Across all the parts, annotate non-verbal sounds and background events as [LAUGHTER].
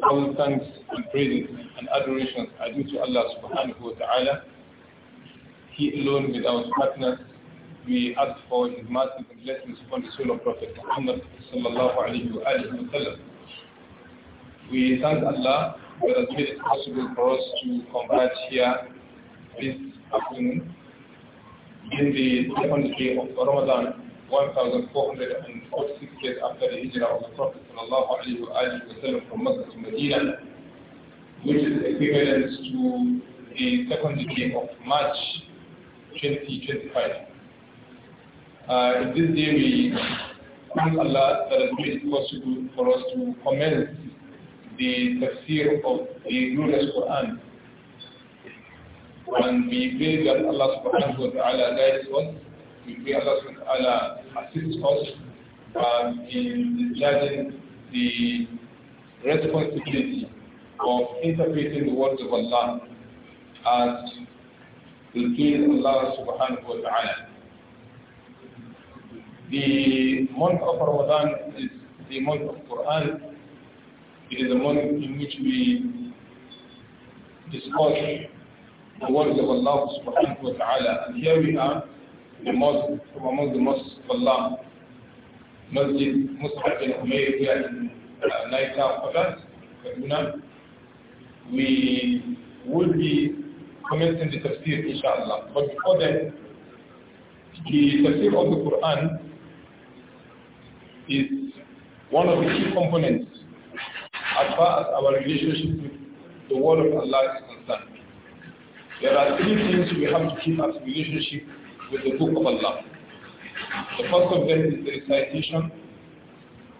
All thanks and praises and adorations are due to Allah subhanahu wa ta'ala. He alone without partners. We ask for his mercy and blessings upon the soul of Prophet Muhammad sallallahu alayhi wa sallam. We thank Allah that has made it possible for us to converge here this afternoon in the second day of Ramadan 1,446 years after the hijrah of the Prophet وسلم, from Mecca to Medina, which is equivalent to the second day of March 2025. Uh, in this day, we thank Allah that it made it possible for us to commence the tafsir of the glorious Quran. And we pray that Allah subhanahu wa ta'ala guides us we pray Allah subhanahu wa ta'ala assist us um, in judging the responsibility of interpreting the words of Allah as will please Allah subhanahu wa ta'ala. The month of Ramadan is the month of Quran. It is a month in which we discuss the words of Allah subhanahu wa ta'ala. And here we are the mosque, from among the mosques of Allah, Masjid Mus'ab bin Umayr here in uh, Kaduna, we will be commencing the tafsir inshallah. But before that, the tafsir of the Quran is one of the key components as far as our relationship with the word of Allah is concerned. There are three things we have to keep as relationship with the Book of Allah. The first of them is the recitation,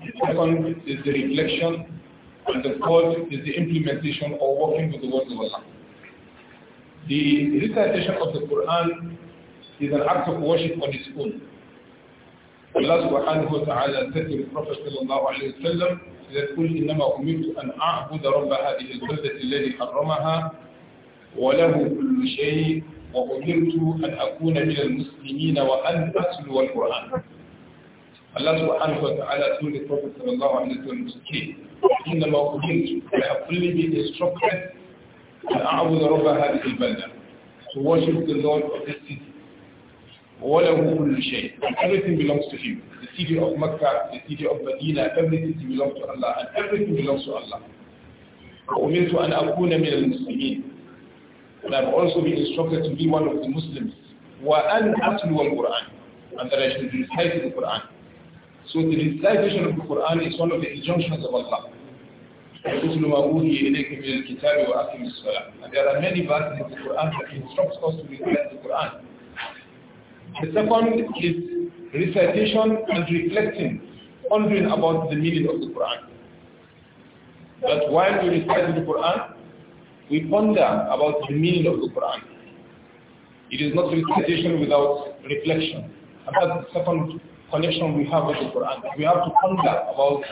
the second is the reflection, and the third is the implementation or working with the words of Allah. The recitation of the Quran is an act of worship on its own. Allah subhanahu wa ta'ala said to the Prophet sallallahu alayhi wa sallam that قُلْ إِنَّمَا أُمِرْتُ أَنْ أَعْبُدَ رَبَّ هَذِهِ الْبَلْدَةِ الَّذِي حَرَّمَهَا وَلَهُ كُلُّ شَيْءٍ وأمرت أن أكون من المسلمين وأن أَسْلُوَ القرآن Allah سبحانه وتعالى ta'ala told the Prophet sallallahu alayhi wa sallam to say, إِنَّمَا أُمِرْتُ I have fully been instructed أَنْ أَعْبُدَ رَبَّ هَذِهِ الْبَلْدَةِ To worship the Lord of this city. وَلَهُ كُلُّ شَيْء Everything belongs to Him. The city of Mecca, the city of Medina, everything belongs to Allah and everything belongs to Allah. وَأُمِرْتُ أَنْ أَكُونَ مِنَ الْمُسْلِمِينَ and I've also been instructed to be one of the Muslims. وَأَنْ أَتْلُوَ الْقُرْآنِ And that I should recite the Qur'an. So the recitation of the Qur'an is one of the injunctions of Allah. مَا إِلَيْكَ مِنَ الْكِتَابِ وَأَقِمِ الصَّلَاةِ And there are many verses in the Qur'an that instructs us to recite the Qur'an. The second is recitation and reflecting, pondering about the meaning of the Qur'an. That while we recite the Qur'an, we ponder about the meaning of the Quran. It is not recitation without reflection. And that's the second connection we have with the Quran. We have to ponder about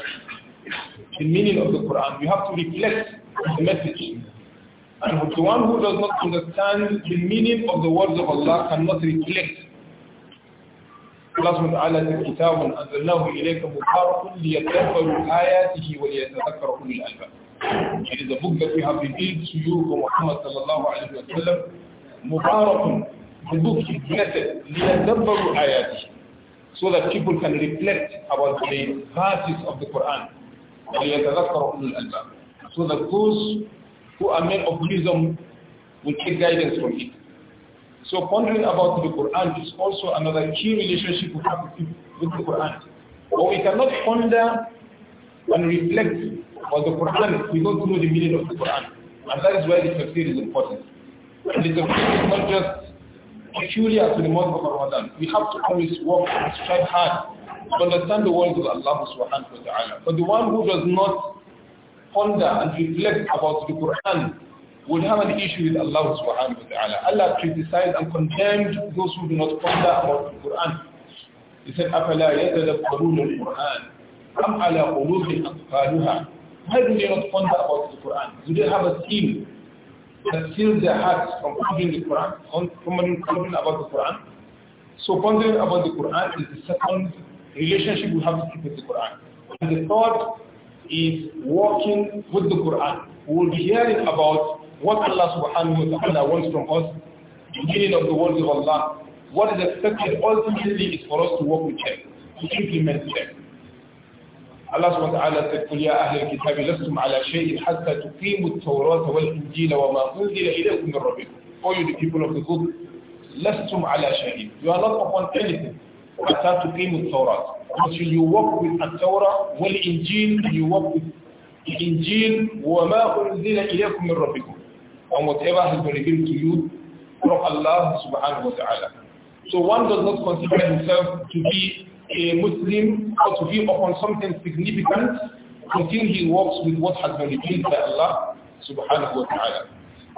the meaning of the Quran. We have to reflect the message. And the one who does not understand the meaning of the words of Allah cannot reflect. Allah subhanahu wa ta'ala it is a book that we have revealed to you from Muhammad sallallahu alayhi wa sallam. Mubarakun. The book is blessed. So that people can reflect about the verses of the Quran. So that those who are men of wisdom will take guidance from it. So pondering about the Quran is also another key relationship we have with the Quran. But we cannot ponder and reflect but the Quran, we don't know the meaning of the Quran. And that is why the tafsir is important. And the tafsir is not just peculiar to the month of Ramadan. We have to always work and strive hard to understand the words of Allah subhanahu wa ta'ala. But the one who does not ponder and reflect about the Quran would have an issue with Allah subhanahu wa ta'ala. Allah criticized and condemned those who do not ponder about the Quran. He said, أَفَلَا يَتَدَبَّرُونَ الْقُرْآنَ أَمْ عَلَىٰ قُلُوبٍ أَقْفَالُهَا why do they not ponder about the Quran? Do they have a skill that seals their hearts from pondering the Quran, from pondering about the Quran? So pondering about the Quran is the second relationship we have to keep with the Quran. And the third is walking with the Quran. We will be hearing about what Allah subhanahu wa ta'ala wants from us, the meaning of the words of Allah. What is expected ultimately is for us to work with them, to implement them. Allah subhanahu wa ta'ala said, قُلْ يَا أَهْلَ الْكِتَابِ لَسْتُمْ عَلَى شَيْءٍ حَتَّى تُقِيمُوا التَّوْرَاةَ وَالْإِنْجِيلَ وَمَا أُنْزِلَ إِلَيْكُمْ مِنْ رَبِّكُمْ All you the people of the book, لَسْتُمْ عَلَى شَيْءٍ You are not upon anything. حَتَّى تُقِيمُوا التَّوْرَاةَ Until you walk with التوراة والإنجيل, you walk with الإنجيل وَمَا أُنْزِلَ إِلَيْكُمْ مِنْ رَبِّكُمْ And whatever has been revealed to you from Allah subhanahu wa ta'ala. So one does not consider himself to be a Muslim ought to be upon something significant until he works with what has been revealed by Allah subhanahu wa ta'ala.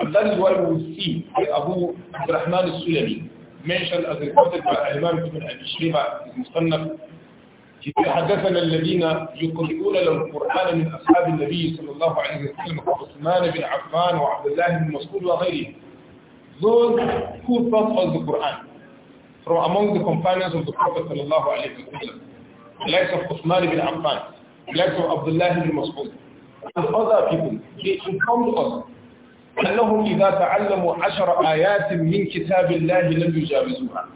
And that is why we will see Abu Rahman al-Sulami mentioned as reported by Imam Ibn Abi Shayba, his Musannaf, حدثنا الذين يقرؤون القرآن من أصحاب النبي صلى الله عليه وسلم عثمان بن عفان وعبد الله بن مسعود وغيره those who taught us the Quran from among the companions of the Prophet sallallahu alayhi wa sallam, the likes of Uthman ibn Affan, the likes of Abdullah ibn Mas'ud, and other people, they informed us أنهم إذا تعلموا عشر آيات من كتاب الله لم يجاوزوها.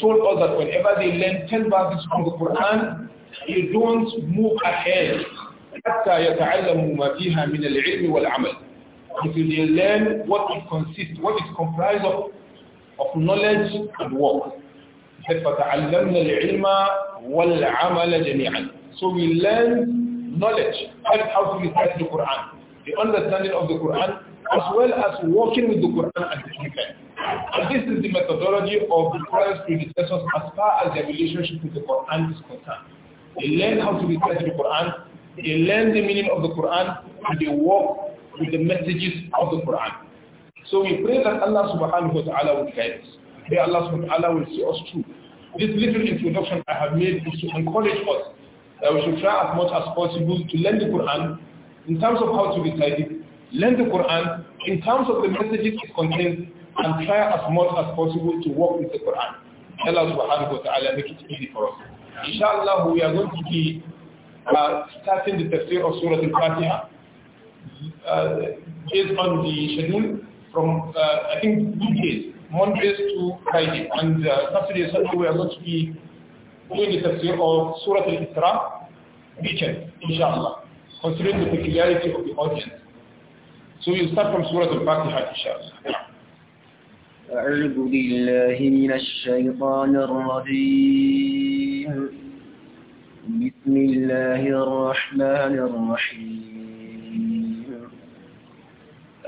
told us that whenever they learn 10 verses from the Quran, they don't move ahead حتى يتعلموا ما فيها من العلم والعمل. Until they learn what it consists, what it comprises of of knowledge and work. He said, So we learn knowledge, and how to recite the Quran, the understanding of the Quran, as well as working with the Quran at the same time. And this is the methodology of the prior predecessors as far as their relationship with the Quran is concerned. They learn how to recite the Quran, they learn the meaning of the Quran, and they work with the messages of the Quran. So we pray that Allah subhanahu wa ta'ala will guide us. May Allah subhanahu wa ta'ala will see us through. This little introduction I have made is to encourage us that we should try as much as possible to learn the Quran in terms of how to recite it, learn the Quran in terms of the messages it contains, and try as much as possible to work with the Quran. Allah subhanahu wa ta'ala make it easy for us. Inshallah, we are going to be uh, starting the tafsir of Surah Al-Fatiha uh, based on the schedule from, uh, I think, weekdays, Mondays to Friday. And uh, Saturday, Sunday, we are going to be doing the tafsir of Surah Al-Isra weekend, inshallah, considering the peculiarity of the audience. So we'll start from Surah Al-Fatiha, inshallah. أعوذ بالله من الشيطان الرجيم بسم الله الرحمن الرحيم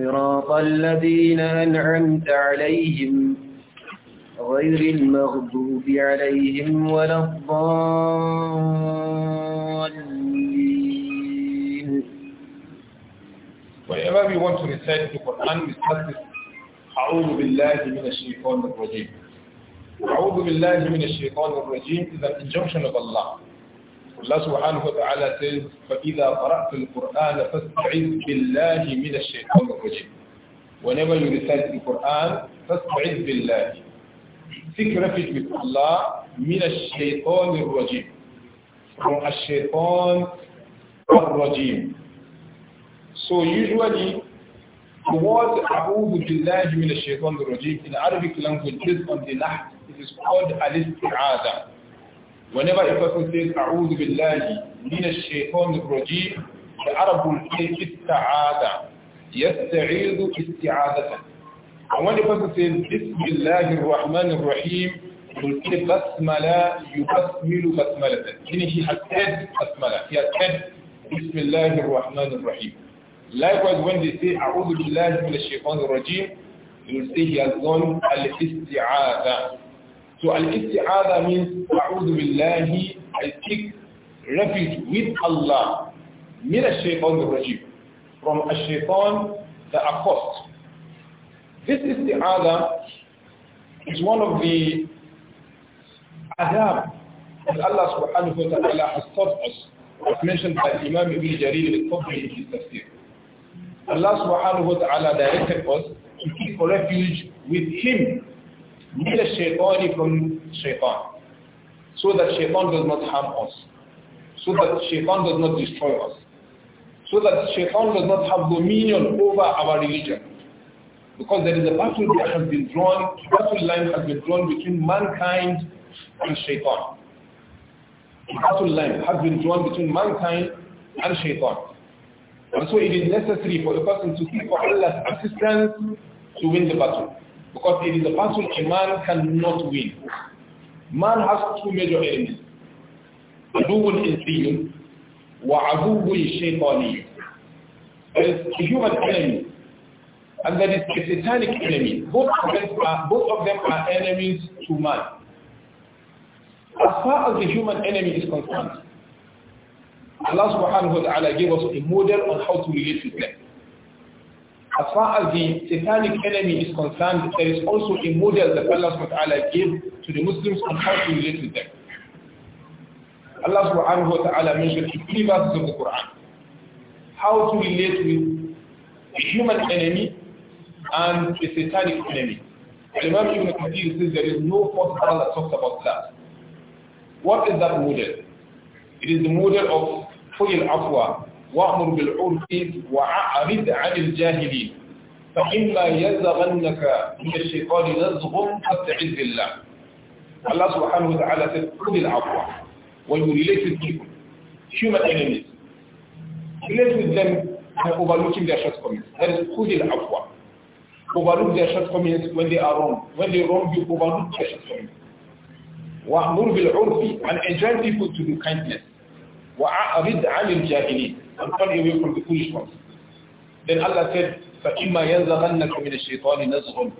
صراط الذين أنعمت عليهم غير المغضوب عليهم ولا الضالين Whenever we want to recite the Quran, we start with أعوذ بالله من الشيطان الرجيم. أعوذ بالله من الشيطان الرجيم is an injunction of Allah. Allah subhanahu wa says, فَإِذَا قَرَأْتَ الْقُرْآنَ فَاسْتَعِذْ بِاللَّهِ مِنَ الشَّيْطَانِ الرَّجِيمِ Whenever you recite the Quran, فَاسْتَعِذْ بِاللَّهِ Seek refuge with Allah مِنَ الشَّيْطَانِ الرَّجِيمِ From الشَّيْطَانِ الرَّجِيمِ So usually, the word أعوذ بالله من الشيطان الرجيم in Arabic language is on the left. It is called al-isti'adah. Whenever a person says, أعوذ بالله من الشيطان الرجيم, the Arab will say, استعاذ, يستعيذ استعاذة. And when a person says, بسم rahman الرحمن الرحيم, he will say, بسملا يبسمل بسملة. Meaning he has said بسملة. He has said, بسم rahman الرحمن الرحيم. Likewise, when they say, "A'udhu Billahi من Shaitan الرجيم, he will say, he has done al-isti'aذة. So al-isti'adha means, أعوذ بالله, I seek refuge with Allah, min ash-shaytan rajim from ash-shaytan, the accost. This isti'adha is one of the adab that Allah subhanahu wa ta'ala has taught us, as mentioned by Imam Ibn Jarir al-Tabri in his tafsir. Allah subhanahu wa ta'ala directed us to seek refuge with Him Neither shaitan from shaitan. So that shaitan does not harm us. So that shaitan does not destroy us. So that shaitan does not have dominion over our religion. Because there is a battle that has been drawn, battle line has been drawn between mankind and shaitan. A battle line has been drawn between mankind and shaitan. And so it is necessary for a person to seek for Allah's assistance to win the battle. Because it is a battle a man cannot win. Man has two major enemies. عدو إنسي وعدو شيطاني. There is a human enemy and there is a satanic enemy. Both of them are, both of them are enemies to man. As far as the human enemy is concerned, Allah subhanahu wa ta'ala gave us a model on how to relate with them. As far as the satanic enemy is concerned, there is also a model that Allah subhanahu gave to the Muslims on how to relate with them. Allah subhanahu wa ta'ala mentioned in three verses of the Quran how to relate with the human enemy and the satanic enemy. And Imam Ibn Kathir says there is no fourth verse that talks about that. What is that model? It is the model of Fuyil Afwa, وأمر بالعرف وأعرض عن الجاهلين فإما يزغنك من الشيطان نزغ فاستعذ بالله الله سبحانه وتعالى said خذ العفو when you relate with people human enemies relate with them by overlooking their shortcomings that is خذ العفو overlook their shortcomings when they are wrong when they wrong you overlook their shortcomings وأمر بالعرف and enjoin people to do kindness وأعرض عن الجاهلين and turn away from the foolish ones. Then Allah said, فَإِمَّا يَنْزَغَنَّكَ مِنَ الشَّيْطَانِ نَزْغٌ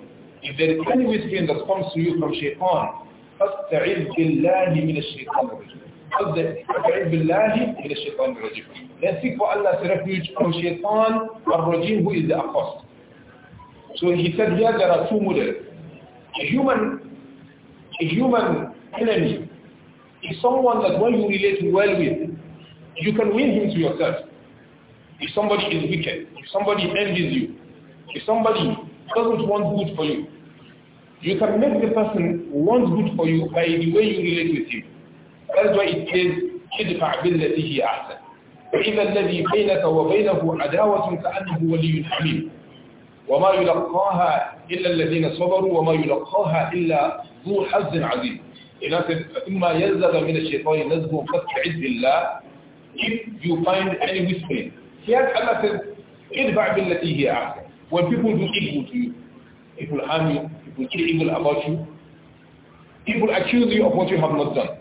If there is any whispering that comes to you from shaitan, فَاسْتَعِذْ بِاللَّهِ مِنَ الشَّيْطَانِ الرَّجِيمِ فَاسْتَعِذْ بِاللَّهِ مِنَ الشَّيْطَانِ الرَّجِيمِ Then seek for Allah's refuge from shaitan al-rajim who is the accursed. So he said here there are two models. A human, a human enemy is someone that when you relate well with, you can win him to yourself. If somebody is wicked, if somebody envies you, if somebody doesn't want good for you, you can make the person want good for you by the way you relate with him. That's why it says, ادفع بالتي هي أحسن. فإذا الذي بينك وبينه عداوة كأنه ولي حميم. وما يلقاها إلا الذين صبروا وما يلقاها إلا ذو حظ عزيز. إما يلزغ من الشيطان نزغ فاستعذ بالله if you find any whispering here Allah says, Idfa billati hiya ahsan. When people do evil to you, people harm you, people say evil about you, people accuse you of what you have not done.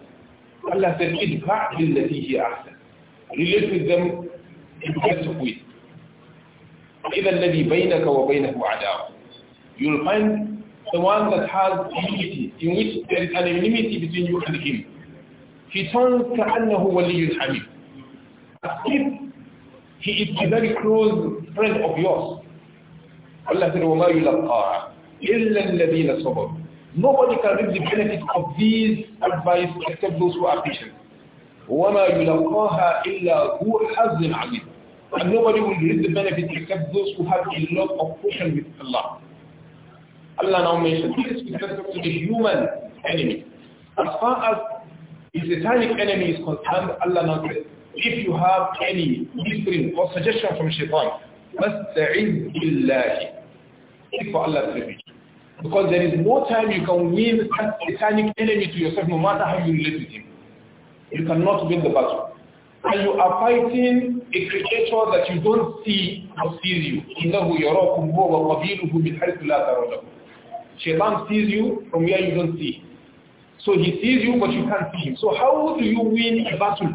Allah said, Idfa billati hiya ahsan. Relate with them in the best way. إذا الذي wa وبينه You'll find the one that has enmity, in which there is an enmity between you and him. He turns Allah, who حميد. As if he is a very close friend of yours. Allah said, وَمَا يُلَقَّاهَا إِلَّا الَّذِينَ صَبَرُوا Nobody can reap the benefit of these advice except those who are patient. وَمَا يُلَقَّاهَا إِلَّا هُوَ حَزٍ And nobody will reap the benefit except those who have a lot of patience with Allah. Allah now mentions this with respect to the human enemy. As far as the satanic enemy is concerned, Allah now says, if you have any mystery or suggestion from shaitan, فَاسْتَعِذْ بِاللَّهِ Seek for Allah's refuge. Because there is no time you can win a satanic enemy to yourself no matter how you relate with him. You cannot win the battle. And you are fighting a creature that you don't see or sees you. إِنَّهُ يَرَاكُمْ هُوَ وَقَبِيلُهُ مِنْ لَا Shaitan sees you from where you don't see. So he sees you but you can't see him. So how do you win a battle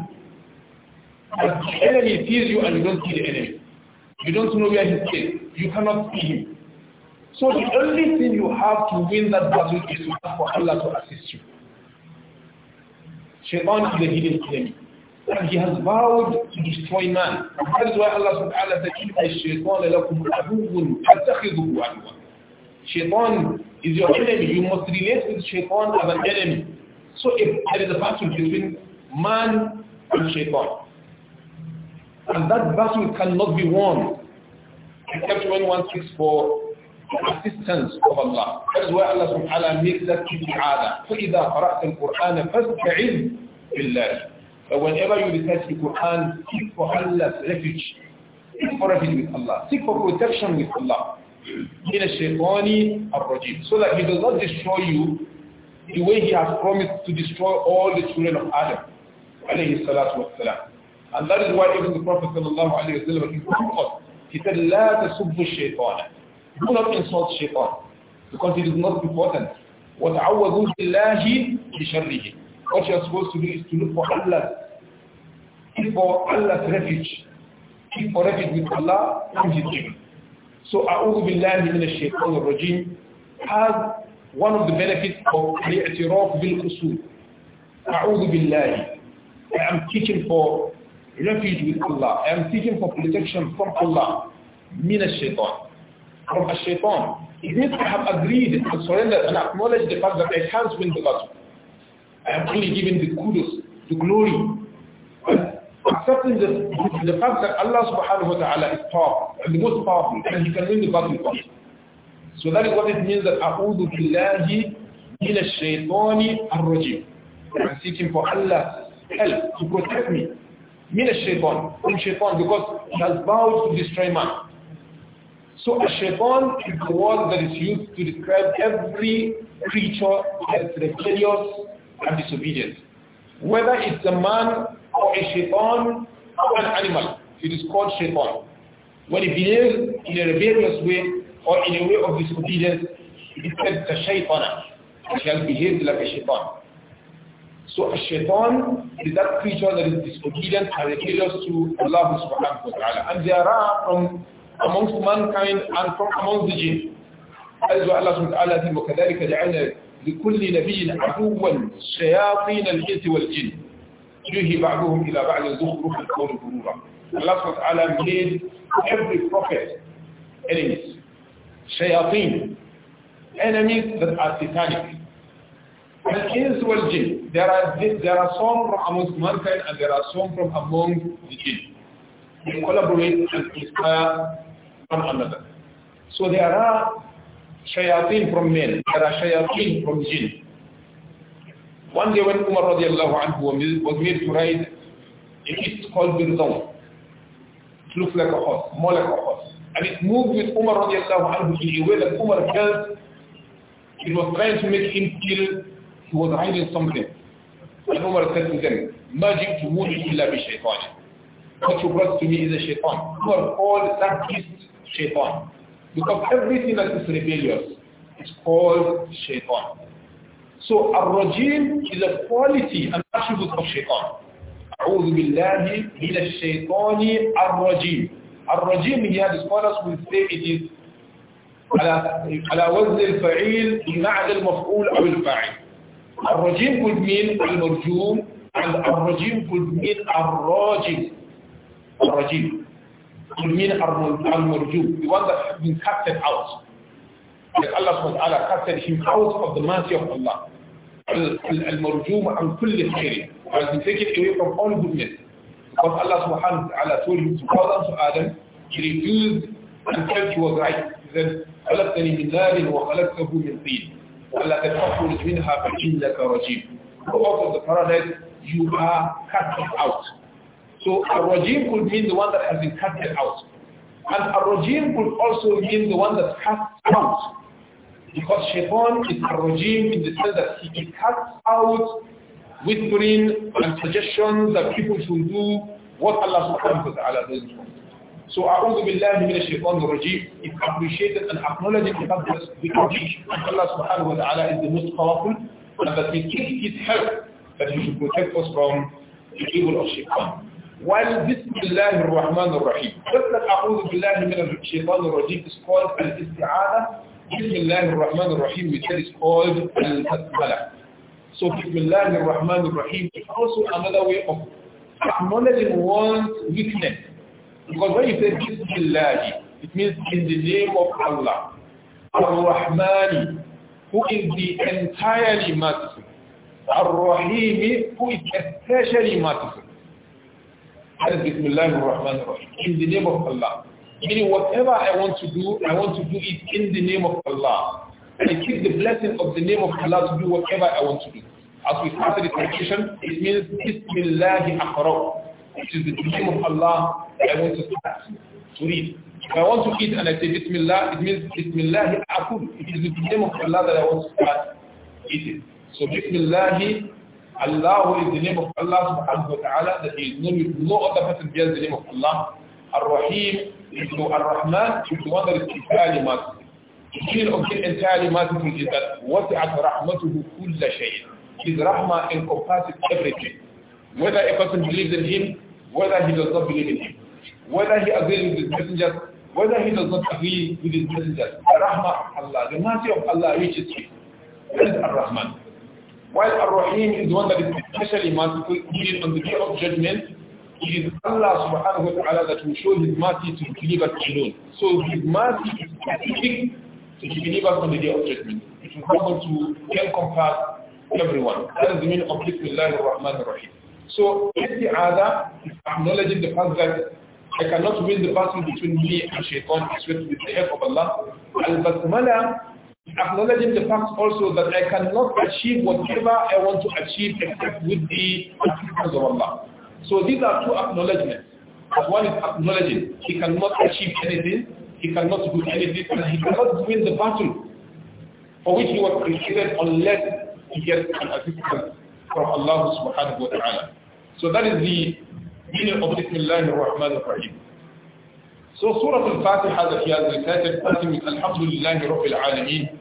but the enemy sees you and you don't see the enemy. You don't know where he is. You cannot see him. So the only thing you have to win that battle is to ask for Allah to assist you. Shaitan is the hidden enemy. And he has vowed to destroy man. That is why Allah subhanahu wa ta'ala said, Shaitan is your enemy. You must relate with shaitan as an enemy. So if there is a battle between man and shaitan, and that battle cannot be won except when one seeks for assistance of Allah. That is why Allah subhanahu wa ta'ala makes that isti'ada. فَإِذَا قَرَأْتَ الْقُرْآنَ فَاسْتَعِذْ بِاللَّهِ But whenever you recite the Quran, seek for Allah's refuge. Seek for refuge with Allah. Seek for protection with Allah. In a shaytani الرجيم. So that he does not destroy you the way he has promised to destroy all the children of Adam. عليه الصلاة والسلام. And that is why even the Prophet ﷺ informed us. He said, لا تسبِ الشيطان. Do not insult shaitan. Because it is not important. وَتَعَوَّذُوا بِاللَّهِ بِشَرِّهِ What you are supposed to do is to look for Allah. Seek for Allah's refuge. Seek for refuge with Allah and His name. So أعوذ بالله من الشيطان الرجيم has one of the benefits of الاعتراف بالقصور. أعوذ بالله. I am teaching for refuge with Allah. I am seeking for protection from Allah. Min Shaytan, From a Shaytan. It means I have agreed and surrendered and acknowledged the fact that I can't win the battle. I am only giving the kudos, the glory. accepting the, the fact that Allah subhanahu wa ta'ala is powerful and the most powerful and he can win the battle for me. So that is what it means that أعوذ بالله من الشيطان الرجيم. I'm seeking for Allah's help to protect me Min shaitan, from shaitan, because he has vowed to destroy man. So a shaitan is the word that is used to describe every creature that is rebellious and disobedient. Whether it's a man or a shaitan or an animal, it is called shaitan. When it behaves in a rebellious way or in a way of disobedience, it is said the shaitan. It has behaved like a shaitan. So a shaitan is that creature that is disobedient and rebellious to Allah subhanahu wa ta'ala. And there are from amongst mankind and from amongst the jinn. As well Allah subhanahu wa ta'ala said, وَكَذَلِكَ جَعَلْنَا لِكُلِّ نَبِيٍّ عَدُوًّا شَيَاطِينَ الْإِنْسِ وَالْجِنِّ يُوحِي بَعْضُهُم إِلَى بَعْضٍ زُخْرُفَ الْقَوْلِ غُرُورًا Allah subhanahu wa ta'ala made every prophet enemies. Shayateen. Enemies that are satanic. Al-ins wal jinn. There are, there are some from amongst mankind and there are some from among the jinn. They collaborate and inspire one another. So there are shayateen from men, there are shayateen from jinn. One day when Umar radiallahu anhu was made to ride a beast called Birzon, it looks like a horse, more like a horse. And it moved with Umar radiallahu anhu in a way that Umar felt it was trying to make him feel he was hiding something. And Umar said to them, Magic to wound illa bi shaitan. What you brought to me is a shaitan. are called that beast shaitan. Because everything that is rebellious is called shaitan. So a rajim is a quality and attribute of shaitan. أعوذ بالله من الشيطان الرجيم. الرجيم here the scholars will say it is على على وزن الفعيل بمعنى المفعول أو الفاعل. Ar-Rajim could mean Al-Marjum and Ar-Rajim could mean Ar-Rajim. Ar-Rajim could mean Al-Marjum, the one that has been casted out. That Allah SWT cut him out of the mercy of Allah. Al-Marjum and Kulli Khairi has been taken away from all goodness. Because Allah subhanahu wa ta'ala told him to call down to Adam, he refused and felt he was right. He said, خَلَقْتَنِي مِنْ نَارٍ وَخَلَقْتَهُ مِنْ طِينٍ وَلَا تَخْرُجْ مِنْهَا فَإِنَّكَ رَجِيمٌ regime. out of the paradise, you are cut out. So a rajim could mean the one that has been cut out. And a rajim could also mean the one that's cut out. Because Shaitan is a rajim in the sense that he cuts out whispering and suggestions that people should do what Allah subhanahu wa ta'ala doesn't want. So أعوذ بالله من الشيطان الرجيم is appreciated and acknowledged in Qaddas because Allah subhanahu wa ta'ala is the most powerful and that he take his help that he should protect us from the evil of shaitan. While Bismillah ar-Rahman ar-Rahim, just like أعوذ بالله من الشيطان الرجيم is called al-Isti'ada, Bismillah ar-Rahman ar-Rahim is called al So Bismillah ar-Rahman ar-Rahim is also another way of acknowledging one's weakness because when you say Bismillah, it means in the name of Allah. Ar-Rahmani, who is the entirely merciful. Ar-Rahimi, who is especially merciful. That is Bismillah ar-Rahman ar-Rahim, in the name of Allah. Meaning whatever I want to do, I want to do it in the name of Allah. And I keep the blessing of the name of Allah to do whatever I want to do. As we started the tradition, it means Bismillah aqra'u. It is the name of Allah I want to start to read. If I want to eat and I say Bismillah, it means Bismillah Akul. It is the name of Allah that I want to start eating. So Bismillah, Allah is the name of Allah subhanahu wa ta'ala that is known no other person bears the name of Allah. Ar-Rahim is the Ar-Rahman is the one that is entirely merciful. The meaning of being entirely merciful is that وَسِعَتْ رَحْمَتُهُ كُلَّ شَيْءٍ His rahmah encompasses everything. Whether a person believes in him whether he does not believe in him, whether he agrees with his messengers, whether he does not agree with his messengers. The rahmah of Allah, the mercy of Allah reaches him. That is Ar-Rahman. While Ar-Rahim is one that is especially merciful, even on the day of judgment, it is Allah subhanahu wa ta'ala that will show his mercy to the believers alone. So his mercy is specific to believers on the day of judgment. It will come to encompass everyone. That is the meaning of al-Rahman Rahmanir Rahim. So the other, acknowledging the fact that I cannot win the battle between me and shaitan except with the help of Allah. Al-Basmala acknowledging the fact also that I cannot achieve whatever I want to achieve except with the assistance of Allah. So these are two acknowledgements. One is acknowledging he cannot achieve anything, he cannot do anything, and he cannot win the battle for which he was created unless he gets an assistance from Allah subhanahu wa ta'ala. So that is the meaning of Bismillah ar-Rahman ar-Rahim. So Surah Al-Fatiha that he has recited starting with Alhamdulillah Rabbil Alameen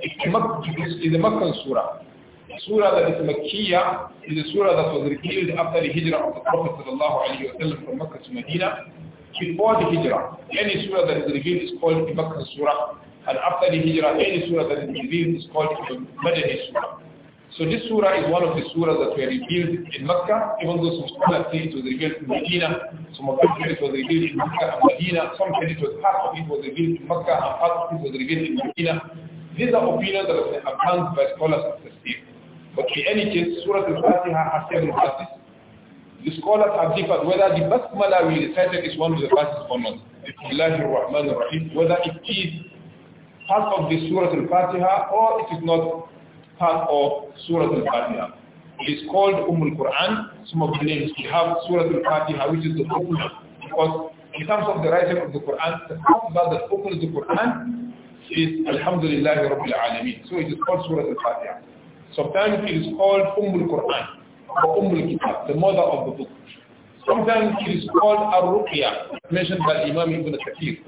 is a Meccan surah. A surah that is Makkiya is a surah that was revealed after the hijrah of the Prophet sallallahu alayhi wa sallam from Makkah to Medina. Before the hijrah, any surah that is revealed is called a Makkah surah. And after the hijrah, any surah that is revealed is called a Madani surah. So this surah is one of the surahs that were revealed in Mecca, even though some scholars say it was revealed in Medina, some of them say it was revealed in Mecca and Medina, some say it was part of it was revealed in Mecca and part of it was revealed in Medina. These are opinions that have been advanced by scholars of the state. But in any case, Surah Al-Fatiha has seven verses. The scholars have differed whether the Basmala we recited is one of the verses or not. Whether it is part of the Surah Al-Fatiha or it is not part of Surah Al-Fatiha. It is called Umm quran Some of the names we have Surah Al-Fatiha, which is the Ummah. Because in terms of the writing of the Quran, the part that opens the Quran is Alhamdulillah Rabbil Alameen. So it is called Surah Al-Fatiha. Sometimes it is called Umm quran or Umm kitab the mother of the book. Sometimes it is called Ar-Ruqya, mentioned by Imam Ibn Kathir.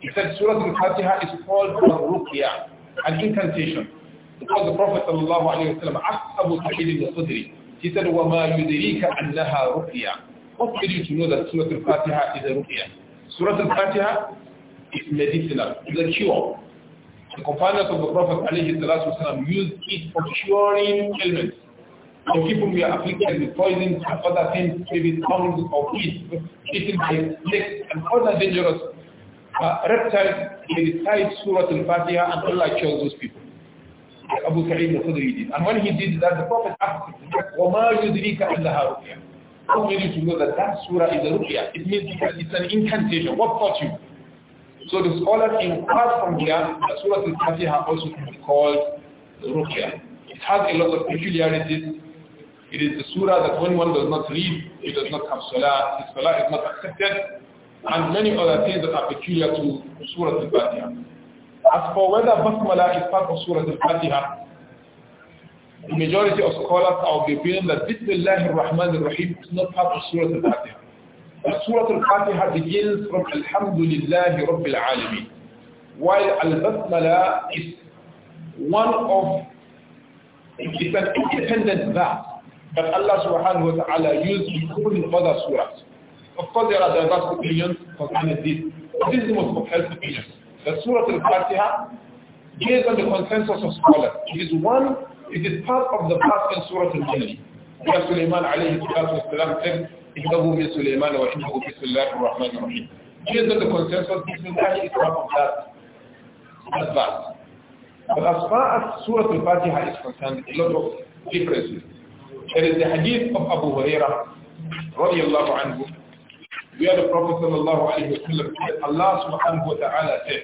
He said Surah Al-Fatiha is called Ar-Ruqya, an incantation. Because the Prophet ﷺ asked Abu Sa'id al-Khudri, he said, وَمَا يُدْرِيكَ أَنَّهَا رُقْيَةٌ What made you to know that Surah Al-Fatiha is a ruqya? Surah Al-Fatiha is medicinal, it's a cure. The companions of the Prophet ﷺ used it for curing ailments. When people were afflicted with poison, and other things, maybe tongues or teeth, eaten by snakes and other dangerous uh, reptiles, they recite Surah Al-Fatiha and Allah cures those people. Abu Sa'id al-Khudri did. And when he did that, the Prophet asked him, وَمَا يُدْرِيكَ إِلَّهَا رُقْيَةً How many you know that that surah is a ruqya? It means it's an incantation. What taught you? So the scholars inquired from here that Surah Al-Fatiha also can be called ruqya. It has a lot of peculiarities. It is the surah that when one does not read, it does not have salah, his salah is not accepted, and many other things that are peculiar to Surah Al-Fatiha. As for whether Basmala is part of Surah Al-Fatiha, the majority of scholars are of the opinion that Bismillah ar-Rahman ar-Rahim is not part of Surah Al-Fatiha. But Surah Al-Fatiha begins from Alhamdulillah Rabbil Alameen, while Al-Basmala is one of, it's an independent verse that Allah subhanahu wa ta'ala used in other surahs. Of course there are diverse opinions concerning this, but this is the most popular opinion. that Surah Al-Fatiha, based on the consensus of scholars, it is one, it is part of the past in Surah Al-Jinni. Where Sulaiman alayhi salatu sallam said, إِنَّهُ مِنْ سُلَيْمَانَ وَإِنَّهُ بِسْمِ اللَّهِ الرَّحْمَنِ الرَّحِيمِ Based on the consensus, Bismillah is part of that That's that. But as far as Surah Al-Fatiha is concerned, a lot of differences. There is the hadith of Abu Hurairah, رضي الله عنه, where the Prophet sallallahu alayhi wa sallam said, Allah subhanahu wa ta'ala said,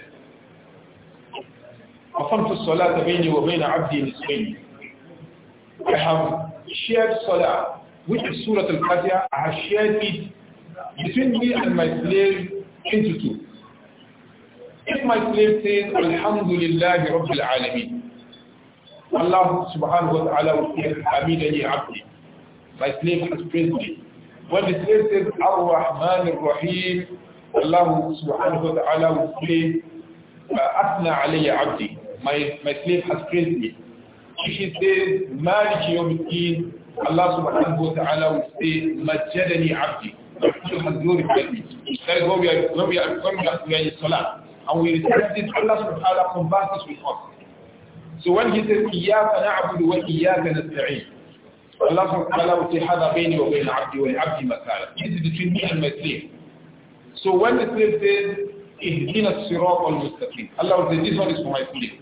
أَفَمْتُ الصَّلَاةَ بَيْنِي وَبَيْنَ عَبْدِي نِسْبَيْنِ I have shared salah, which is Surah Al-Fatiha, I have shared it between me and my slave into two. If my slave says, Alhamdulillah Rabbil Alameen, Allah subhanahu wa ta'ala will say, Hamidani Abdi. My slave has praised me. When the slave says, Ar-Rahman Ar-Rahim, Allah subhanahu wa ta'ala say, uh, My, my slave has praised me. If he says, Malik yawmiddin, Allah subhanahu wa ta'ala will say, Majjadani abdi. My slave has glorified That is what we are, when we are, when we are, we are in Salah. And we respect this, Allah subhanahu wa ta'ala converses with us. So when he says, Iyaka na'budu wa iyaka nasta'in, so Allah subhanahu wa ta'ala will say, هَذَا بَيْنِي This is between me and my slave. So when the slave says, اهدنا الصراط المستقيم الله will say this one is for my slave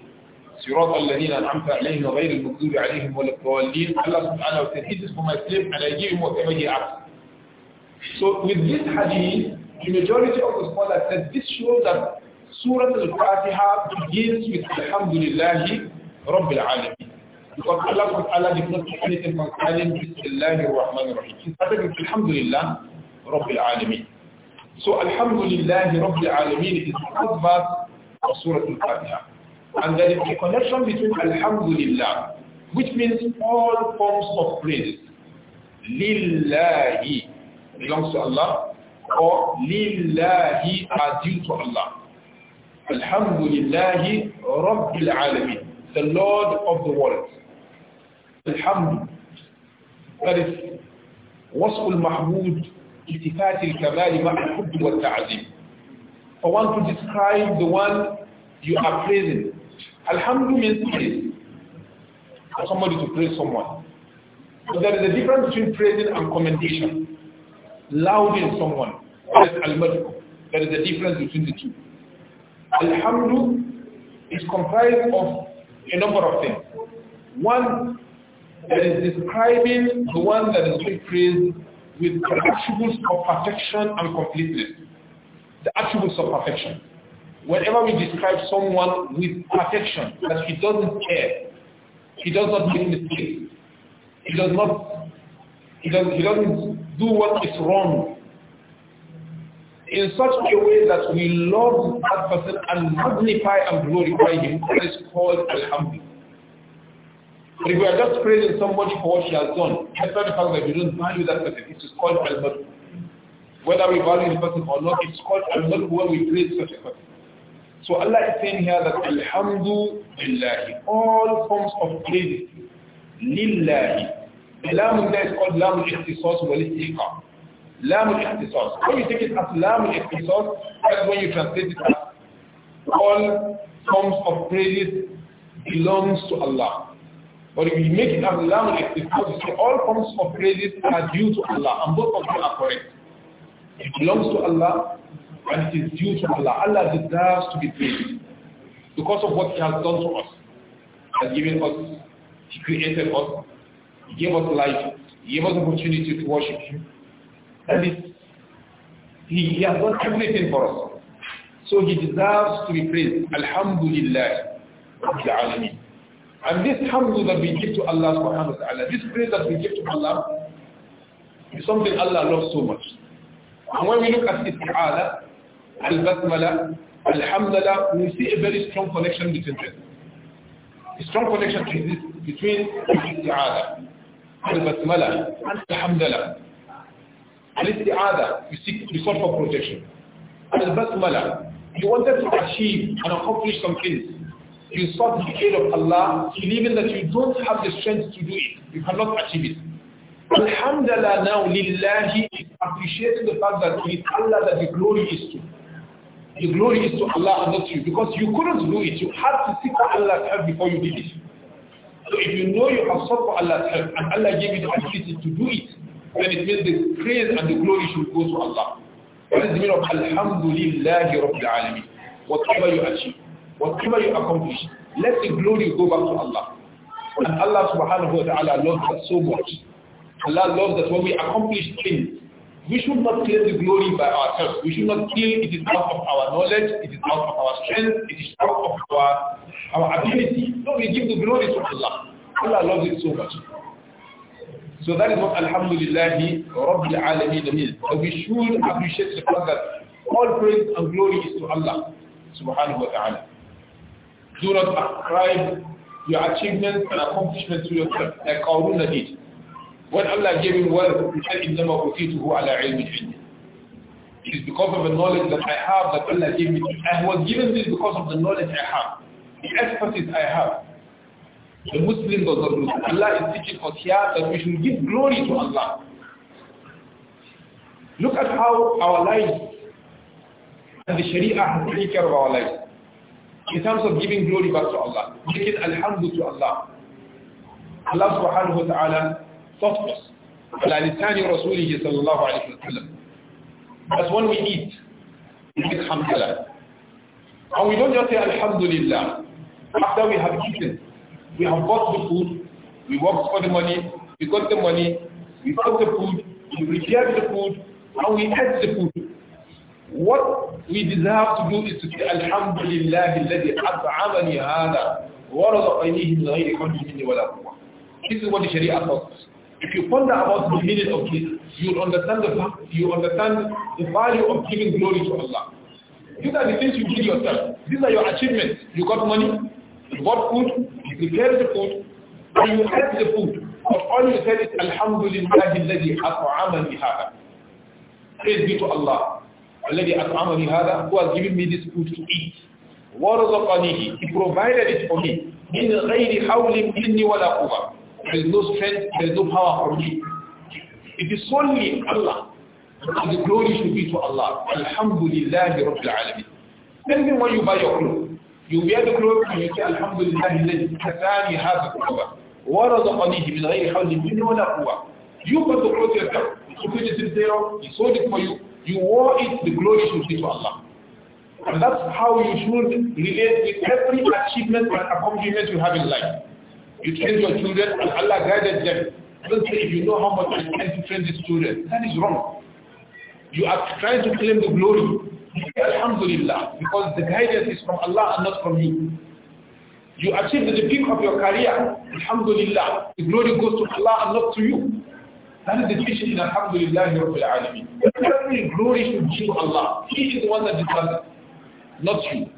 Allah subhanahu wa ta'ala this is for my slave and I give him whatever he asks so with this hadith the majority of the scholars said this shows that Surah Al-Fatiha begins with Alhamdulillah Rabbil Alameen because Allah SWT did not say anything concerning Bismillahir Rahmanir Rahim. He started with Alhamdulillah Rabbil Alameen. So Alhamdulillah Rabbil Alameen is the first verse of Surah Al-Fatiha. And there is a connection between Alhamdulillah, which means all forms of praise. Lillahi belongs to Allah, or Lillahi are due to Allah. Alhamdulillahi Rabbil Alameen, the Lord of the world. الحمد want وصف المحمود لصفات الكمال مع الحب والتعظيم to describe the one you are praising Alhamdulillah. means praise for somebody to praise someone so there is a difference between praising and commendation lauding someone that is al there is a difference between the two Alhamdulillah is comprised of a number of things. One that is describing the one that is being praised with the attributes of perfection and completeness. The attributes of perfection. Whenever we describe someone with perfection, that he doesn't care, he does not make mistakes, he does not, he, does, he doesn't do what is wrong, in such a way that we love that person and magnify and glorify him, that is called Alhamdulillah. But If we are just praising somebody for what she has done, despite the fact that we don't value that person, it is called al-madhu. Whether we value the person or not, it's called al-madhu when we praise such a person. So Allah is saying here that Alhamdulillah, all forms of praise, Lillahi. The lam there is called lamu al-ikhtisas wal-istiqam. Lam al When you take it as lamu al that's when you translate it as all forms of praise belongs to Allah. But if you make it as lam it's istifal all forms of praises are due to Allah, and both of them are correct. It belongs to Allah, and it is due to Allah. Allah deserves to be praised because of what He has done to us. He has given us, He created us, He gave us life, He gave us opportunity to worship Him. And he, he has done everything for us. So He deserves to be praised. Alhamdulillah. And this hamdu that we give to Allah subhanahu wa ta'ala, this praise that we give to Allah, is something Allah loves so much. And when we look at isti'ala, al-basmala, alhamdulillah, we see a very strong connection between them. A strong connection exists between isti'ala, al-basmala, and alhamdulillah. Al-isti'ala, you seek to sort for protection. Al-basmala, you wanted to achieve and accomplish some things you sought the aid of Allah, believing that you don't have the strength to do it. You cannot achieve it. Alhamdulillah now, lillahi, appreciating the fact that it is Allah that the glory is to. The glory is to Allah and not you. Because you couldn't do it. You had to seek for Allah's help before you did it. So if you know you have sought for Allah's help and Allah gave you the ability to do it, then it means the praise and the glory should go to Allah. What is the meaning of Alhamdulillah, Rabbil Alameen? Whatever you achieve. Whatever you accomplish, let the glory go back to Allah. And Allah subhanahu wa ta'ala loves us so much. Allah loves us when we accomplish things. We should not claim the glory by ourselves. We should not claim it is out of our knowledge, it is out of our strength, it is out of our, our ability. No, we give the glory to Allah. Allah loves it so much. So that is what Alhamdulillah Rabbil Alameen means. So we should appreciate the fact that all praise and glory is to Allah subhanahu wa ta'ala. Do not ascribe your achievements and accomplishments to yourself, like Qaruna did. When Allah gave him wealth, he said, إِنَّمَا It is because of the knowledge that I have that Allah gave me. I was given this because of the knowledge I have, the expertise I have. The Muslim does not lose. Allah is teaching us here that we should give glory to Allah. Look at how our lives and the Sharia has taken care of our lives in terms of giving glory back to Allah, making alhamdu to Allah. Allah subhanahu wa ta'ala taught us. على لسان رسوله صلى الله عليه وسلم. That's when we eat. We make hamdulillah. And we don't just say alhamdulillah. After we have eaten, we have bought the food, we worked for the money, we got the money, we got the food, we prepared the food, and we ate the food. What we deserve to do is to say, Alhamdulillah, الذي أطعمني هذا ورزقنيه من غير حول This is what the Sharia taught If you ponder about the meaning of this, you understand the fact, you understand the value of giving glory to Allah. These are the things you did yourself. These are your achievements. You got money, you got food, you prepared the food, and you had the food. But all you said is, Alhamdulillah, الذي أطعمني هذا. Praise be to Allah الذي أطعمني هذا who has given me this food to eat ورزقنيه he provided it for me من غير حول مني ولا قوة there is no strength there is no power for me it is solely Allah and the glory should be to Allah Alhamdulillah Rabbil Alamin then even when you buy your clothes you wear the clothes and you say Alhamdulillah الذي كساني هذا الكوبة ورزقنيه من غير حول مني ولا قوة you put the clothes yourself you put it in there. he sold it for you you owe it, the glory should be to Allah. And that's how you should relate with every achievement and accomplishment you have in life. You train your children and Allah guided them. Don't say if you know how much I spent to train these children. That is wrong. You are trying to claim the glory. Alhamdulillah. Because the guidance is from Allah and not from you. You achieve the peak of your career. Alhamdulillah. The glory goes to Allah and not to you. That is the teaching in Alhamdulillah Rabbil Alameen. Every glory should be to Allah. He is the one that deserves it, not you.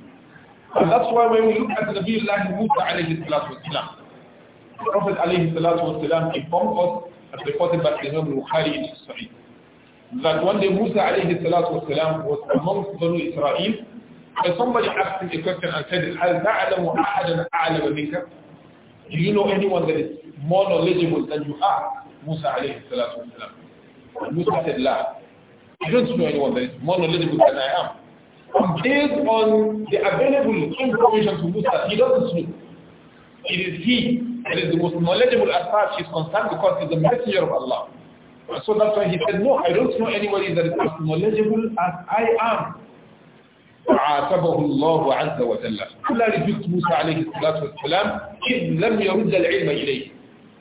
And that's why when we look at the Musa alayhi salatu wasalam, the Prophet alayhi salatu wasalam informed us, as reported by Imam Bukhari in Sahih, that one day Musa alayhi salatu wasalam was amongst Banu Israel, and somebody asked him a question and said, هل تعلم أحدا أعلم منك? Do you know anyone that is more knowledgeable than you are? Musa alayhi salatu wasalam. Musa said, La, I don't know anyone that is more knowledgeable than I am. based on the available information to Musa, he doesn't know. It is he that is the most knowledgeable as far as he is concerned because he's the messenger of Allah. And so that's why he said, no, I don't know anybody that is as knowledgeable as I am. فعاتبه الله عز وجل. عليه الصلاة والسلام إذ لم يرد العلم إليه.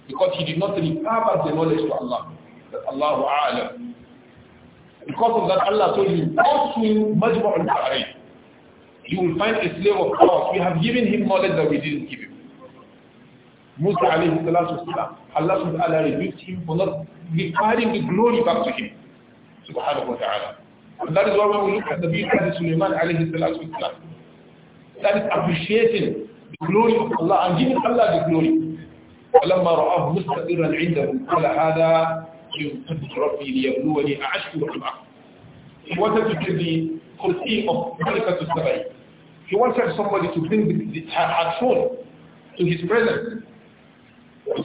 Because he did not recover the knowledge to Allah. That Allahu A'lam. Because of that, Allah told him, go to You will find a slave of Allah. We have given him knowledge that we didn't give him. Musa alayhi salatu wasalam, Allah subhanahu wa ta'ala rebuked him for not requiring the glory back to him. Subhanahu wa ta'ala. And that is why when we look at the beauty of Sulaiman alayhi salatu wasalam, that is appreciating the glory of Allah and giving Allah the glory. فلما رآه مستقرا عنده قال هذا من قدر ربي ليبلوني أعشكر أم أكفر He wanted to be the kursi of Malika to He wanted somebody to bring the, the, her, to his presence.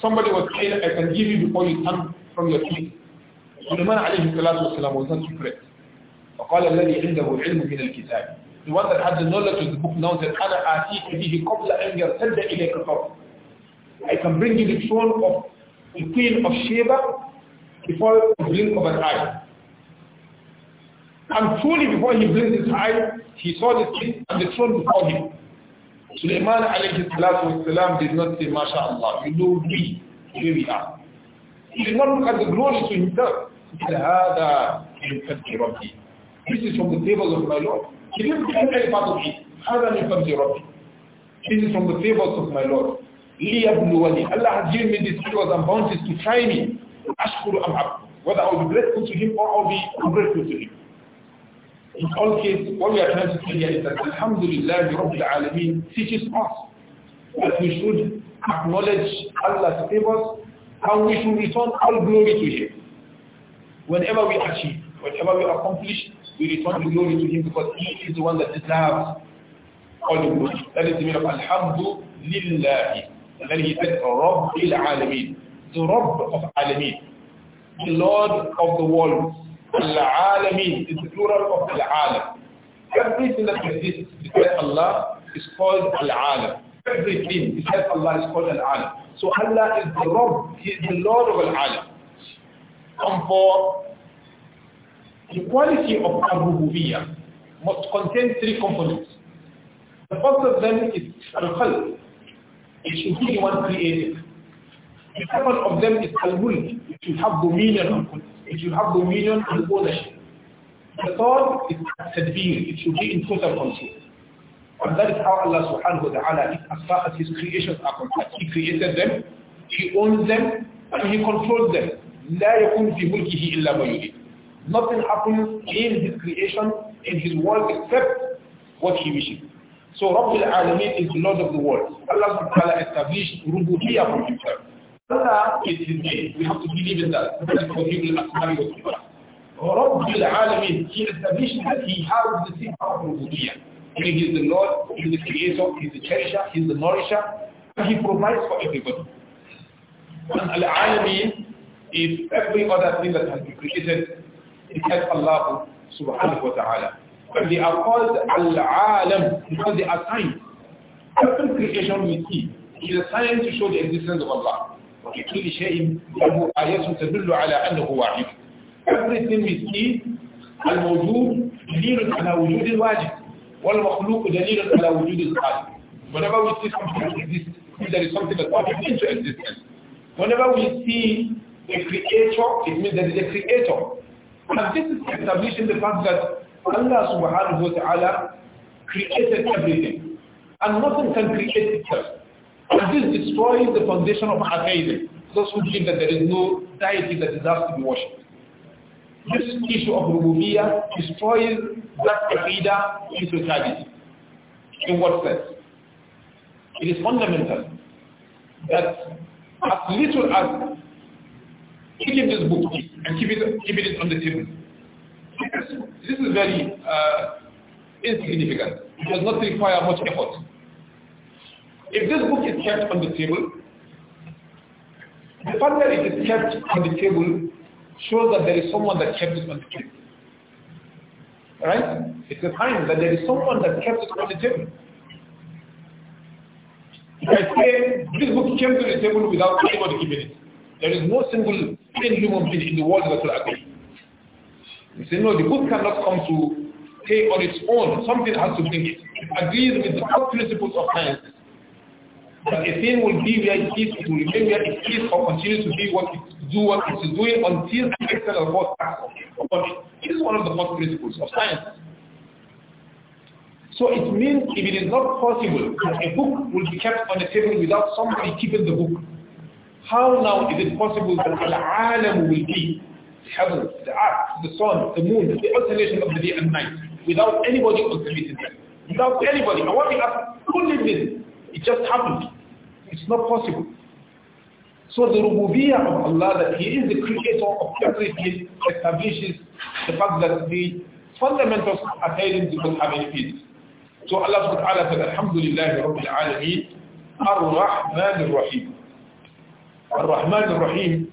Somebody was saying, I can give you before you come from your feet. Sulaiman alayhi salatu wasalam was not secret. فقال الذي عنده العلم من الكتاب. The one that had the knowledge of the book now said, أنا آتيك به قبل أن يرتد إليك طرف. I can bring you the throne of the queen of Sheba before the blink of an eye. And truly before he blinked his eye, he saw the king and the throne before him. Sulaiman alayhi salatu wasalam did not say, MashaAllah, you know we here we are. He did not look at the glory to himself. He said, هذا من ربي. This is from the tables of my Lord. He didn't say any part of it. هذا من فضل ربي. This is from the tables of my Lord. Allah has given me these rewards and bounties to try me. أَشْكُرُ أَمْ Whether I will be grateful to him or I will be ungrateful to him. In all cases, what we are trying to say here is that Alhamdulillah, Rabbil Alameen teaches us that we should acknowledge Allah's favors and we should return all glory to Him. Whenever we achieve, whenever we accomplish, we return the glory to Him because He is the one that deserves all the glory. That is the meaning of Alhamdulillah. And then he said, Rabbil Alameen, the Rabb of Alameen, the Lord of the world. Al-Alameen is the plural of Al-Alam. Everything that exists besides Allah is called Al-Alam. Everything besides Allah is called Al-Alam. So Allah is the Rabb, He is the Lord of Al-Alam. And for the quality of Abu rububiyyah must contain three components. The first of them is Al-Khalq, it should be one created. The second of them is al-mulk. It should have dominion. It should have dominion and ownership. The third is tadbir. It should be in total control. And that is how Allah subhanahu wa ta'ala is as far as his creations are concerned. He created them, he owns them, and he controls them. لا يكون في ملكه إلا ما يريد. Nothing happens in his creation, in his world, except what he wishes. So Rabbul Alameen is the Lord of the world. Allah subhanahu wa ta'ala established Rububiyyah for himself. Allah is his name. We have to believe in that. That is what he will asmari wa ta'ala. Rabbul Alameen, he established that he has the same power of Rububiyyah. Meaning he is the Lord, he is the creator, he is the cherisher, he is the nourisher, and he provides for everybody. And Al-Alameen is every other thing that has been created except Allah subhanahu wa ta'ala. They are called Al-Alam because they are signs. Every creation we see is a sign to show the existence of Allah. وَكِلِ شَيْءٍ لَهُ آيَةٌ تَدُلُّ عَلَىٰ أَنَّهُ وَاحِدٌ Everything we see, الموجود دليل على وجود الواجب والمخلوق دليل على وجود الخالق. Whenever we see something exist, there is something that comes into existence. Whenever we see a creator, it means there is a creator. And this is establishing the fact that Allah subhanahu wa ta'ala created everything. And nothing can create itself. And this destroys the foundation of Aqidah. Those who believe that there is no deity that deserves to be worshipped. This issue of Rububiyyah destroys that Aqidah in totality. In what sense? It is fundamental that as little as keep this book and keep it, keep it on the table. This is very uh, insignificant. It does not require much effort. If this book is kept on the table, the fact that it is kept on the table shows that there is someone that kept it on the table. Right? It's a sign that there is someone that kept it on the table. If I say this book came to the table without anybody giving it, there is no single human being in the world that will agree. We say, no, the book cannot come to pay on its own. Something has to bring it. It agrees with the principles of science. that a thing will be where it is, it will remain where it is, or continue to be what it do what it is doing until the external force acts upon it. This is one of the first principles of science. So it means if it is not possible that a book will be kept on the table without somebody keeping the book, how now is it possible that al-alam will be heavens, the earth, the sun, the moon, the oscillation of the day and night, without anybody contributing, them. Without anybody. And what we who fully in, it just happened. It's not possible. So the rububiyyah of Allah, that He is the creator of everything, establishes the fact that the fundamentals of atheism do not have any peace. So Allah subhanahu wa ta'ala said, Alhamdulillah, Rabbil Alameen, Ar-Rahman Ar-Rahim. Ar-Rahman Ar-Rahim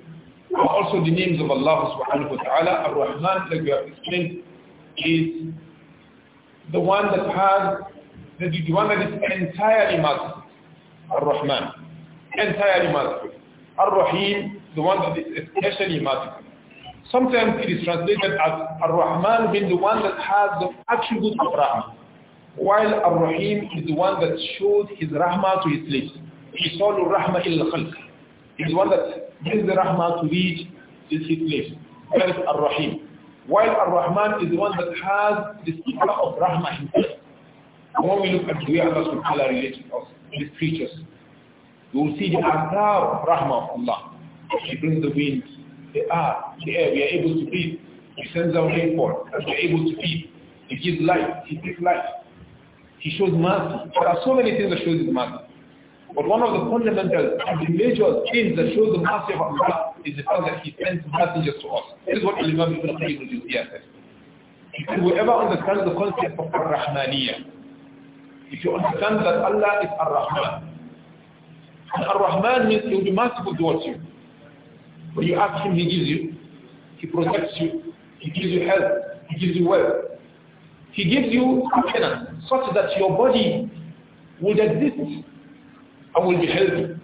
are also the names of Allah subhanahu wa ta'ala. Ar-Rahman, like we have explained, is the one that has, the, one that is entirely merciful. Ar-Rahman, entirely merciful. Ar-Rahim, the one that is especially merciful. Sometimes it is translated as Ar-Rahman being the one that has the attributes of Rahman, while Ar-Rahim is the one that showed his Rahma to his slaves. Isalu Rahma il Khalq. He's the one that is the Rahmah to reach this place. That is Ar-Rahim. While Ar-Rahman is the one that has the secret of Rahmah himself. When we look at the way Allah subhanahu wa ta'ala relates to us, his creatures, we will see the athar of Rahmah of Allah. He brings the wind, the air, the air, we are able to breathe. He sends out rainfall, we are able to feed. He gives life, he gives life. He shows mercy. There are so many things that show his mercy. But one of the fundamental and the major things that shows the mercy of Allah is the fact that He sends messengers to us. This is what Imam Ibn Qayyim al-Juziyah says. And whoever understands the concept of Ar-Rahmaniyah, if you understand that Allah is Ar-Rahman, and Ar-Rahman means He will be merciful towards you. When you ask Him, He gives you. He protects you. He gives you health. He gives you wealth. He gives you sustenance such that your body will exist I will be healthy.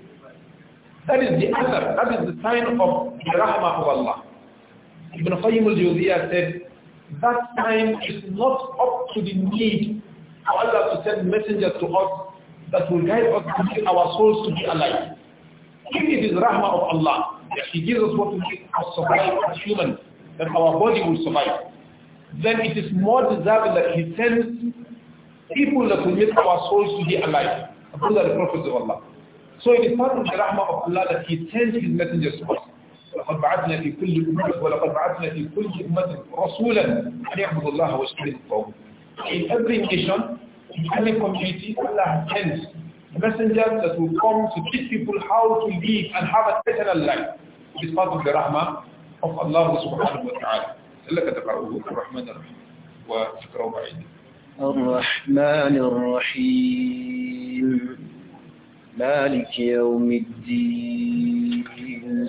That is the answer. That is the sign of the rahmah of Allah. Ibn Qayyim al-Jawziyah said, that time is not up to the need for Allah to send messengers to us that will guide us to make our souls to be alive. If it is rahmah of Allah, He gives us what we need to survive as humans, that our body will survive, then it is more desirable that He sends people that will make our souls to be alive. Abdullah the Prophet of Allah. So it is part of the rahmah of Allah that He sends His messengers to us. وَلَقَدْ بعثنا في كل أمة ولقد بعثنا في كل أمة رسولا أن يعبدوا الله واجتنبوا الطاغوت. In every nation, in every community, Allah sends messengers that will come to teach people how to live and have a personal life. It is part of the rahmah of Allah subhanahu wa ta'ala. لك تقرؤه الرحمن الرحيم وتقرأه عندك. الرحمن الرحيم مالك يوم الدين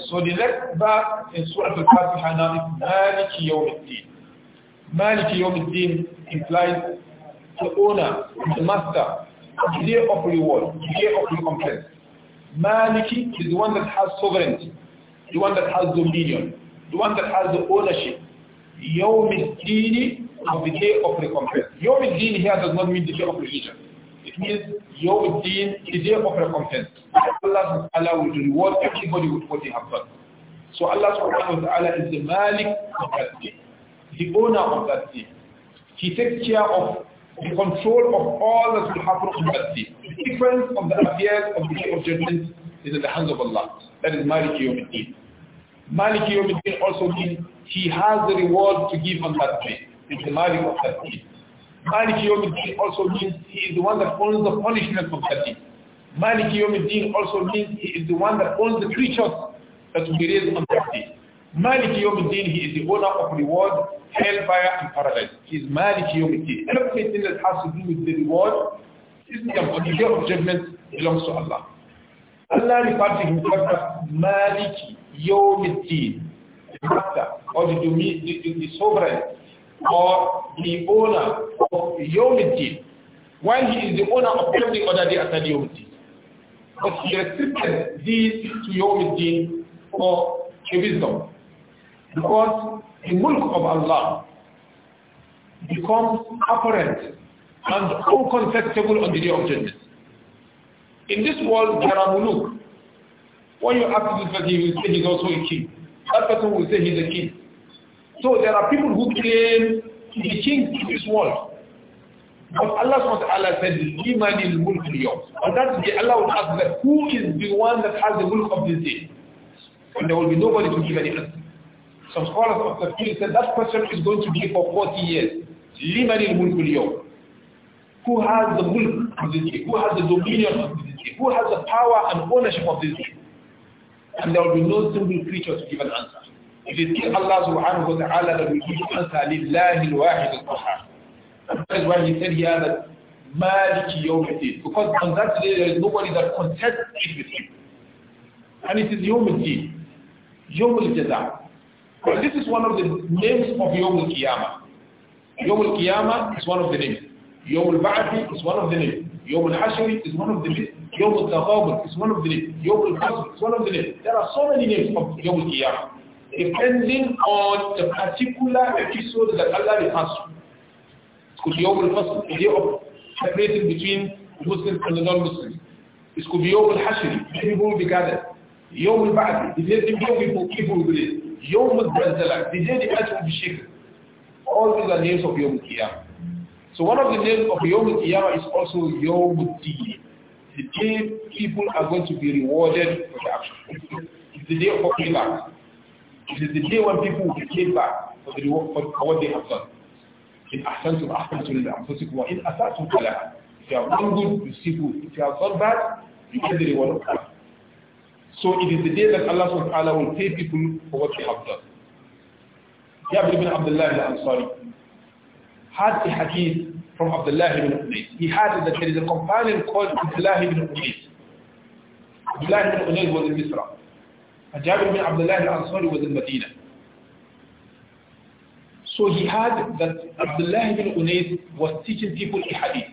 So the next back in Surah Al-Fatiha now is Malik Yawm Malik Yawm implies the owner, the master, the day of reward, the day of recompense. Maliki is the one that has sovereignty, the one that has dominion, the one that has the ownership. Yawm al of the day of recompense. Yawmuddin here does not mean the day of religion. It means Yawmuddin, the day of recompense. Allah, Allah will reward everybody with what they have done. So Allah subhanahu wa ta'ala is the Malik of that day, the owner of that day. He takes care of the control of all that will happen on that day. The difference of the affairs of the day of judgment is in the hands of Allah. That is Malik Yawmuddin. Malik Yawmuddin also means he has the reward to give on that day is the Malik of that deed. Malik also means he is the one that owns the punishment of that deed. Malik also means he is the one that owns the creatures that will be raised on that day. Malik Yomiddin, he is the owner of reward, hellfire, and paradise. He is Malik Yomiddin. Everything that has to do with the reward, system the day of judgment belongs to Allah. Allah refers to himself as Malik Yomiddin, the master or the, the, the sovereign or the owner of Yomiti, while he is the owner of every other day after Yomiti. But he restricted these to Yomiti for a wisdom. Because the mulk of Allah becomes apparent and uncontestable on the day of judgment. In this world, there are muluk. When you ask this person, he will say he's also a king. That person will say he's a king. So there are people who claim to be kings in this world. But Allah SWT said, Liman il mulk al And that's the Allah will ask that who is the one that has the mulk of this day? And there will be nobody to give an answer. Some scholars of the field said that question is going to be for 40 years. Liman il mulk al Who has the mulk of this day? Who has the dominion of this day? Who has the power and ownership of this day? And there will be no single creature to give an answer. It is سبحانه Allah subhanahu wa ta'ala that will give That is why he said here that Maliki Yawmiddin. Because on that day there is nobody that contests it with him. And it is Yawmiddin. Yawmul Jaza. Well, this is one of the names of al Qiyamah. al Qiyamah is one of the names. al Ba'athi is one of the names. al Hashri is one of the names. al Taqawbul is one of the names. al Qasr is one of the names. There are so many names of al Qiyamah. depending on the particular episode that Allah has to. It could be Yawm the first day of separating between Muslims and the non-Muslims. It could be Yawm al-Hashri, people will be gathered. Yawm al-Ba'di, the day the people, people will be there. Yawm al-Brazzala, the the earth will All these are names of Yawm al So one of the names of Yawm al-Qiyamah is also Yawm al The day people are going to be rewarded for the action. It's the day of Qiyamah. It is the day when people will be paid back for, the, reward, for, for what they have done. In ahsantum ahsantum ahsantum wa in asatum falaha. If you have done good, you see good. If you have done bad, you get the reward of Allah. So it is the day that Allah subhanahu wa ta'ala will pay people for what they have done. Jabir ibn Abdullah al-Ansari had a hadith from Abdullah ibn Unais. He had that there is a companion called Abdullah ibn Unais. Abdullah ibn Unais was in Misra. And Jabir bin Abdullah al-Ansari was in Medina. So he heard that Abdullah bin Unais was teaching people a hadith.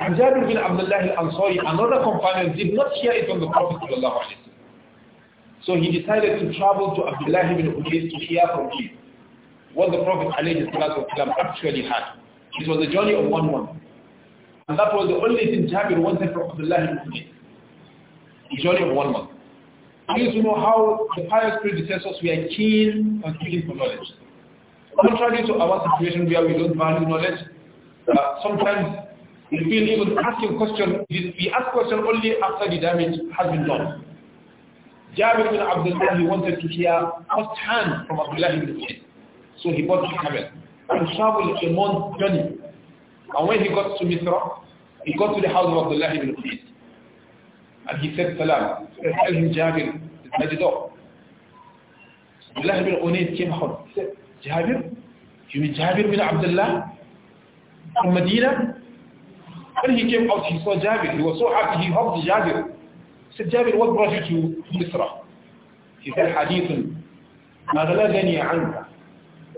And Jabir bin Abdullah al-Ansari, another companion, did not hear it from the Prophet So he decided to travel to Abdullah bin Unais to hear from him what the Prophet actually had. It was a journey of one month. And that was the only thing Jabir wanted from Abdullah bin Unais. A journey of one month. I need to know how the pious predecessors were keen on seeking for knowledge. Contrary to our situation where we don't value knowledge, uh, sometimes we feel even asking questions, we ask questions only after the damage has been done. Jabir bin Abdullah, he wanted to hear firsthand from Abdullah ibn Zayd. So he bought a camel and traveled a month journey. And when he got to Mithra, he got to the house of Abdullah ibn Zayd. And he said salam. Tell him Jabir is Najdor. Abdullah bin Unayt came out. He said, Jabir? You mean Jabir bin Abdullah? From Medina? When he came out, he saw Jabir. He was so happy. He hugged Jabir. He said, Jabir, what brought you to Misra? He said, حديث أغلبني عنك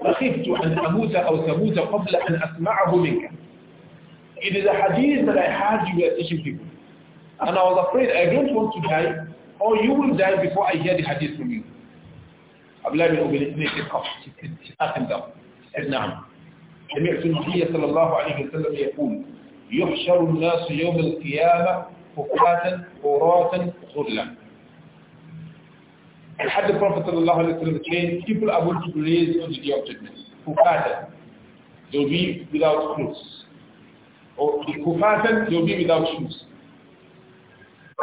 فخفت أن أموت أو تموت قبل أن أسمعه منك It is a hadith that I heard you were teaching people. And I was afraid I don't want to die or you will die before I hear the hadith from you. Abdullah bin Ubay ibn Qaf, he sat him down. Said, نعم. سمعت النبي صلى الله عليه وسلم يقول يحشر الناس يوم القيامة فقاتا the Prophet ﷺ came, people are going to be raised on the day of judgment. Kufatan. They'll be without clothes. Or the they'll be without shoes.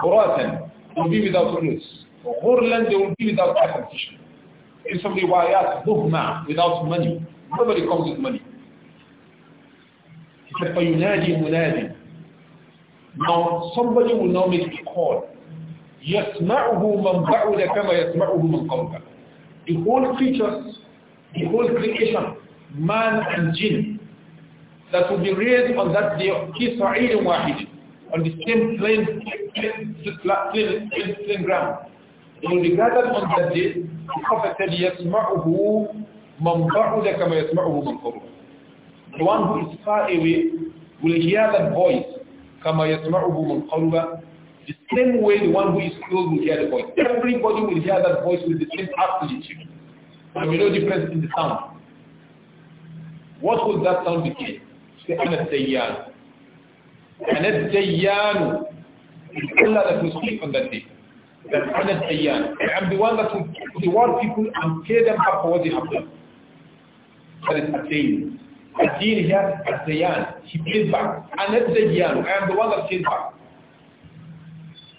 Quratan, will be without rules. Ghurlan, they will be without competition. In some riwayat, buhma, without money. Nobody comes with money. He said, فَيُنَادِي مُنَادِي Now, somebody will now make a call. يَسْمَعُهُ مَنْ بَعُدَ كَمَا يَسْمَعُهُ مَنْ قَوْلَ The whole creatures, the whole creation, man and jinn, that will be raised on that day, كِسْعِيلٍ وَاحِدٍ on the same plain, plain, plain, plain, plain ground. It will be gathered on that day. The Prophet said, يَسْمَعُهُ مَنْ بَعُدَ كَمَا يَسْمَعُهُ مَنْ قَرُبَ The one who is far away will hear that voice, كَمَا يَسْمَعُهُ مَنْ قَرُبَ The same way the one who is close will hear the voice. Everybody will hear that voice with the same amplitude. There will be no difference in the sound. What will that sound be? Say سبحان السيار Anad Dayyanu is Allah that will speak on that day. That Anad Dayyan. I am the one that will reward people and pay them back for what they have done. That is Ad-Dayn. Ad-Dayn here, Ad-Dayyan. He pays back. Anad Dayyan. I am the one that pays back.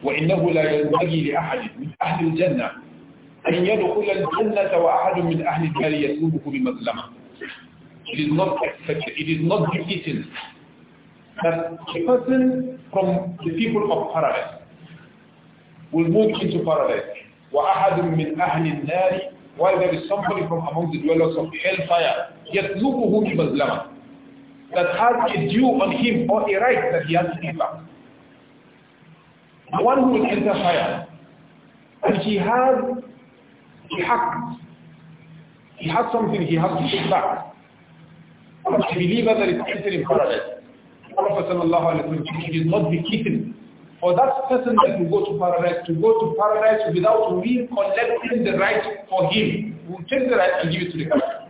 وإنه لا ينبغي لأحد من أهل الجنة أن يدخل الجنة وأحد من أهل النار يسلبه بمظلمة. It is not expected. It is not befitting that a person from the people of paradise will move into paradise. وَأَحَدٌ مِّنْ أَهْلِ النَّارِ While there is somebody from among the dwellers of hellfire, Yet يَطْلُبُهُ بِمَظْلَمَةٍ That has a due on him or a right that he has to give back. The one who will enter fire, and he has he hacked. He has something he has to give back. But the believer that is entering paradise, Prophet sallallahu alayhi wa sallam, he not be beaten. For that person that will go to paradise, to go to paradise without recollecting collecting the right for him. We will take the right and give it to the kafir.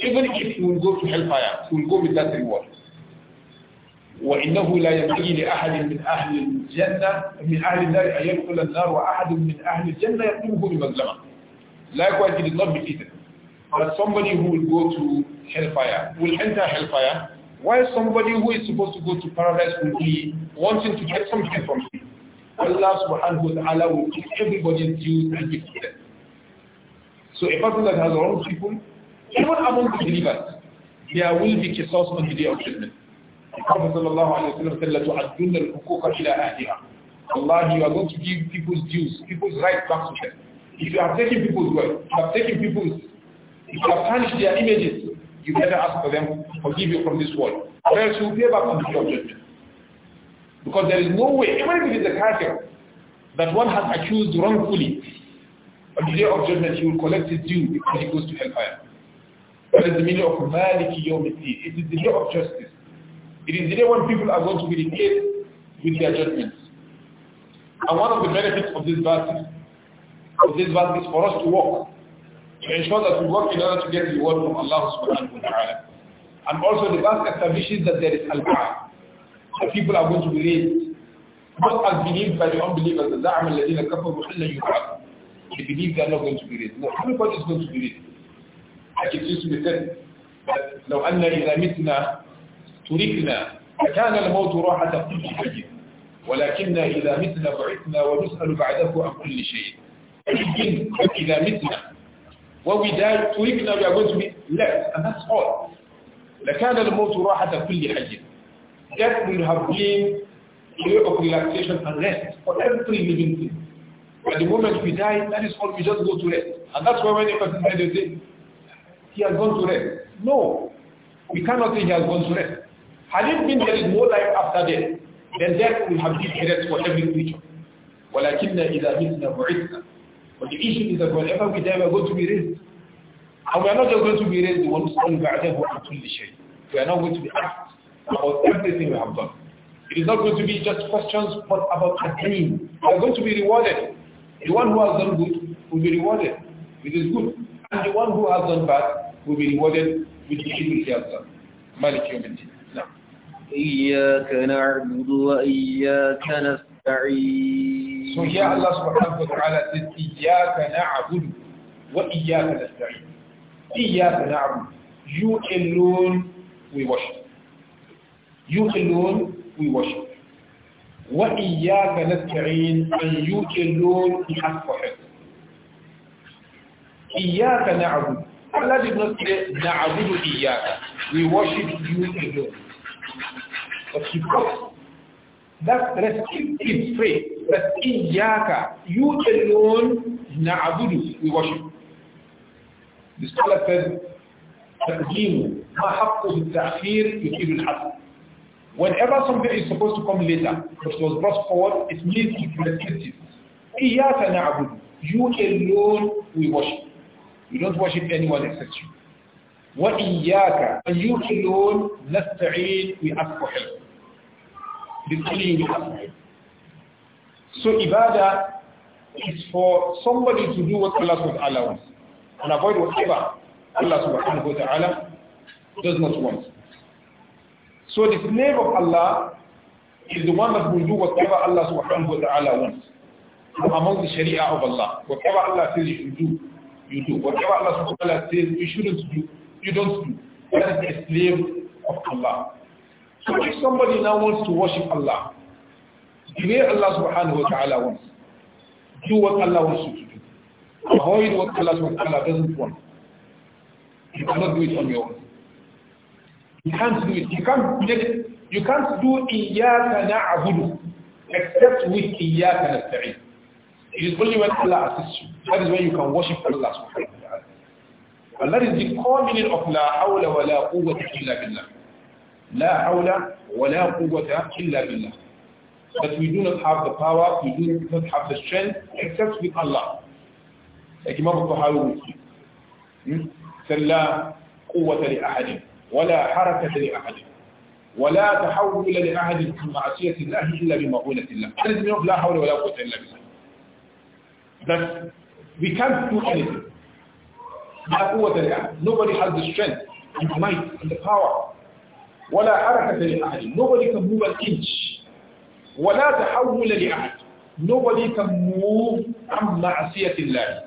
Even if he will go to hellfire, he will go with that reward. وإنه لا ينبغي لأحد من أهل الجنة من أهل النار أن يدخل النار وأحد من أهل الجنة يقومه بمظلمة. Likewise, it is not befitting. But somebody who will go to hellfire will enter hellfire why somebody who is supposed to go to paradise will be wanting to get something from him? Allah subhanahu wa ta'ala will give everybody's dues and give to them. So a person that has wronged people, even among the believers, there will be kisas on the day of judgment. The Prophet sallallahu alayhi wa sallam said, الْحُقُوقَ إِلَىٰ أَهْلِهَا Allah, you are going to give people's dues, people's rights back to them. If you have taken people's wealth, you have taken people's, if you have tarnished their images, you better ask for them, forgive you from this world. Or else you'll pay back on the judgment. Because there is no way, even if it is a character, that one has accused wrongfully, on the day of judgment he will collect his due before he goes to hellfire. That is the meaning of Maliki Yomiti. It is the day of justice. It is the day when people are going to be repaid with their judgments. And one of the benefits of this verse, of this verse is for us to walk to ensure that we work in order to get the reward from Allah subhanahu wa ta'ala. And also the verse establishes that there is al-ba'a. the people are going to believe. Not as believed by the unbelievers, the za'am alladhina kafaru illa yu'ad. They believe they are not going to believe. No, everybody is going to believe. raised. Like it used to be said, that لو أن إذا متنا تركنا فكان الموت راحة كل شيء ولكن إذا متنا بعثنا ونسأل بعده عن كل شيء. إذا متنا when we die, two now we are going to be left, and that's all. لَكَانَ الْمَوْتُ رَاحَةَ كُلِّ حَيٍّ Death will have been a way of relaxation and rest for every living thing. But the moment we die, that is all, we just go to rest. And that's why when a person dies, they say, he has gone to rest. No, we cannot say he has gone to rest. Had it been there is no life after death, then death will have been a rest for every creature. وَلَكِنَّ إِذَا مِتْنَا بُعِثْنَا but the issue is that whenever we die, we are going to be raised. And we are not just going to be raised once on We are not going to be asked about everything we have done. It is not going to be just questions but about dream. We are going to be rewarded. The one who has done good will be rewarded with his good. And the one who has done bad will be rewarded with the evil he has done. Malik Yomidin. إياك نعبد وإياك نستعين so ya Allah subhanahu wa ta'ala says iyyaka na'budu wa iyyaka nasta'in iyyaka na'budu you alone we worship you alone we worship wa iyyaka nasta'in and you alone we ask for help iyyaka na'budu Allah did not say na'budu iyyaka we worship you alone but because that restrictive phrase But in Ya'ka, you alone, na'abudu, we worship. The scholar said, تقديم ما حقه التأخير يفيد الحسن. Whenever something is supposed to come later, but was brought forward, it means it precedes it. Iyaka na'abudu, you alone, we worship. You don't worship anyone except you. وإياك أن يوحلون نستعين we ask for help. This only we ask for help. So ibadah is for somebody to do what Allah subhanahu wa ta'ala wants and avoid whatever Allah subhanahu wa ta'ala does not want. So the slave of Allah is the one that will do whatever Allah subhanahu wa ta'ala wants. Among the sharia of Allah. Whatever Allah says you should do, you do. Whatever Allah subhanahu wa ta'ala says you shouldn't do, you don't do. That is the slave of Allah. So if somebody now wants to worship Allah, the way Allah subhanahu wa ta'ala wants. Do what Allah wants you to do. Avoid what Allah subhanahu wa doesn't want. You cannot do it on your own. You can't do it. You can't make, you can't do إِيَّاكَ نَعْبُدُ except with إِيَّاكَ نَسْتَعِينُ. It is only when Allah assists you. That is when you can worship Allah subhanahu wa ta'ala. And that is the core meaning of لا حول ولا قوة إلا بالله. لا حول ولا قوة إلا بالله that we do not have the power, we do not have the strength, except with Allah. Like Imam al-Tahawi would say, فَلَّا قُوَّةَ لِأَحَدٍ وَلَا حَرَكَةَ لِأَحَدٍ ولا تحول لأحد من معصية الله إلا بمعونة الله. That is not لا حول ولا قوة إلا بالله. That we can't do anything. لا قوة لأحد. Nobody has the strength and the might and the power. ولا حركة لأحد. Nobody can move an inch. ولا تحول لأحد nobody can move عن معصية الله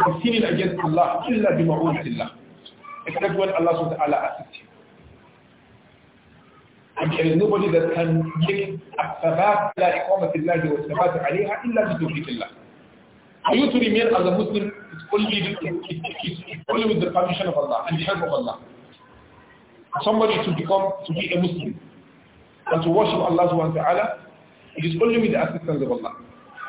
from sinning against Allah إلا بمعونة الله except when Allah سبحانه وتعالى assists you and there is nobody that can give الثبات لا إقامة الله والثبات عليها إلا بتوفيق الله for you to remain as a Muslim is only, is only with the permission of Allah and the help of Allah somebody to become to be a Muslim and to worship Allah subhanahu wa ta'ala It is only with the assistance of Allah.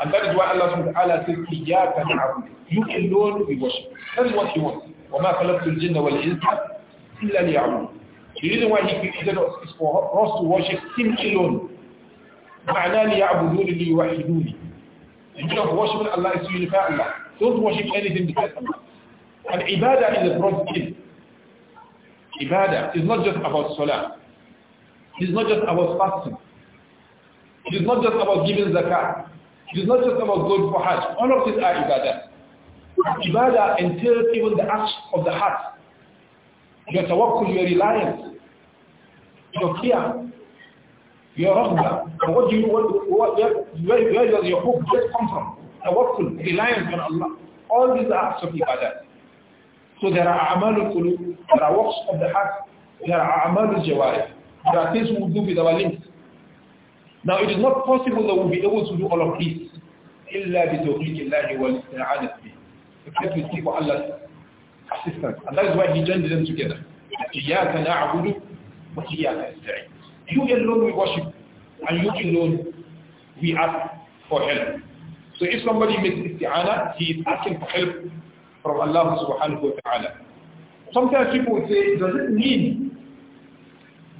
And that is why Allah subhanahu wa ta'ala says, إِيَّاكَ نَعْبُدُ You alone we worship. That is what He wants. وَمَا خَلَقْتُ الْجِنَّ وَالْإِنسَ إِلَّا لِيَعْبُدُ The reason why He created us is for us to worship Him alone. مَعْنَا لِيَعْبُدُونِ لِيُوَحِدُونِ The meaning of worshiping Allah is to unify Allah. Don't worship anything besides Allah. And ibadah is a broad thing. Ibadah is not just about salah. It's not just about fasting. It is not just about giving zakat. It is not just about going for hajj. All of these are ibadah. Ibadah entails even the acts of the heart. Your tawakkul, your reliance, your fear, your rahmah. So what do you, what, what, where, where does your hope just come from? Tawakkul, reliance on Allah. All these are acts of ibadah. So there are amalul qulub, there are works of the heart, there are amalul jawarih. There are things we do with our limbs. Now it is not possible that we'll be able to do all of this. إِلَّا بِتَوْفِيقِ اللَّهِ وَالْإِسْتِعَانَةِ بِهِ Except with people Allah's assistance. And that is why He joined them together. إِيَّاكَ نَعْبُدُ وَإِيَّاكَ نَسْتَعِينَ You alone we worship, and you alone we ask for help. So if somebody makes isti'ana, he is asking for help from Allah subhanahu wa ta'ala. Sometimes people would say, does it mean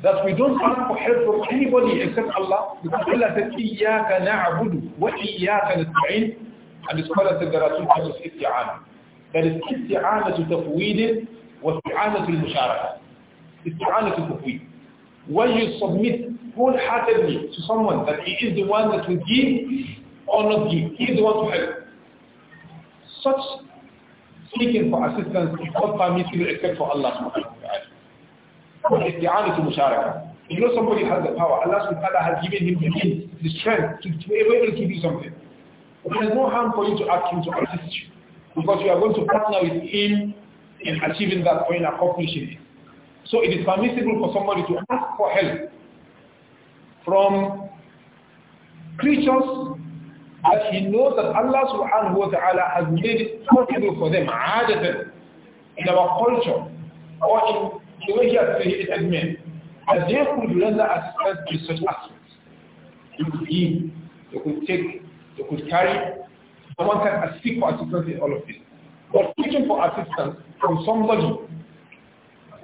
that we don't ask for help from anybody except Allah because Allah said إِيَّاكَ نَعْبُدُ وَإِيَّاكَ نَسْتَعِينَ and the scholar said there are two types of isti'ana That is isti'ana to tafweed واستعانة المشاركة استعانة التفويض when you submit wholeheartedly to someone that he is the one that will give or not give, he is the one to help. Such seeking for assistance is not permissible except for Allah isti'anatu musharaka. You know somebody has the power. Allah subhanahu wa ta'ala has given him the means, the strength to, to be able to do something. There is no harm for you to ask him to assist you because you are going to partner with him in achieving that or accomplishing it. So it is permissible for somebody to ask for help from creatures that he knows that Allah subhanahu wa ta'ala has made it possible for them, in our culture or in the way he has created men, that they could render assistance to such aspects. They could give, they could take, they could carry. Someone can seek for assistance in all of this. But seeking for assistance from somebody,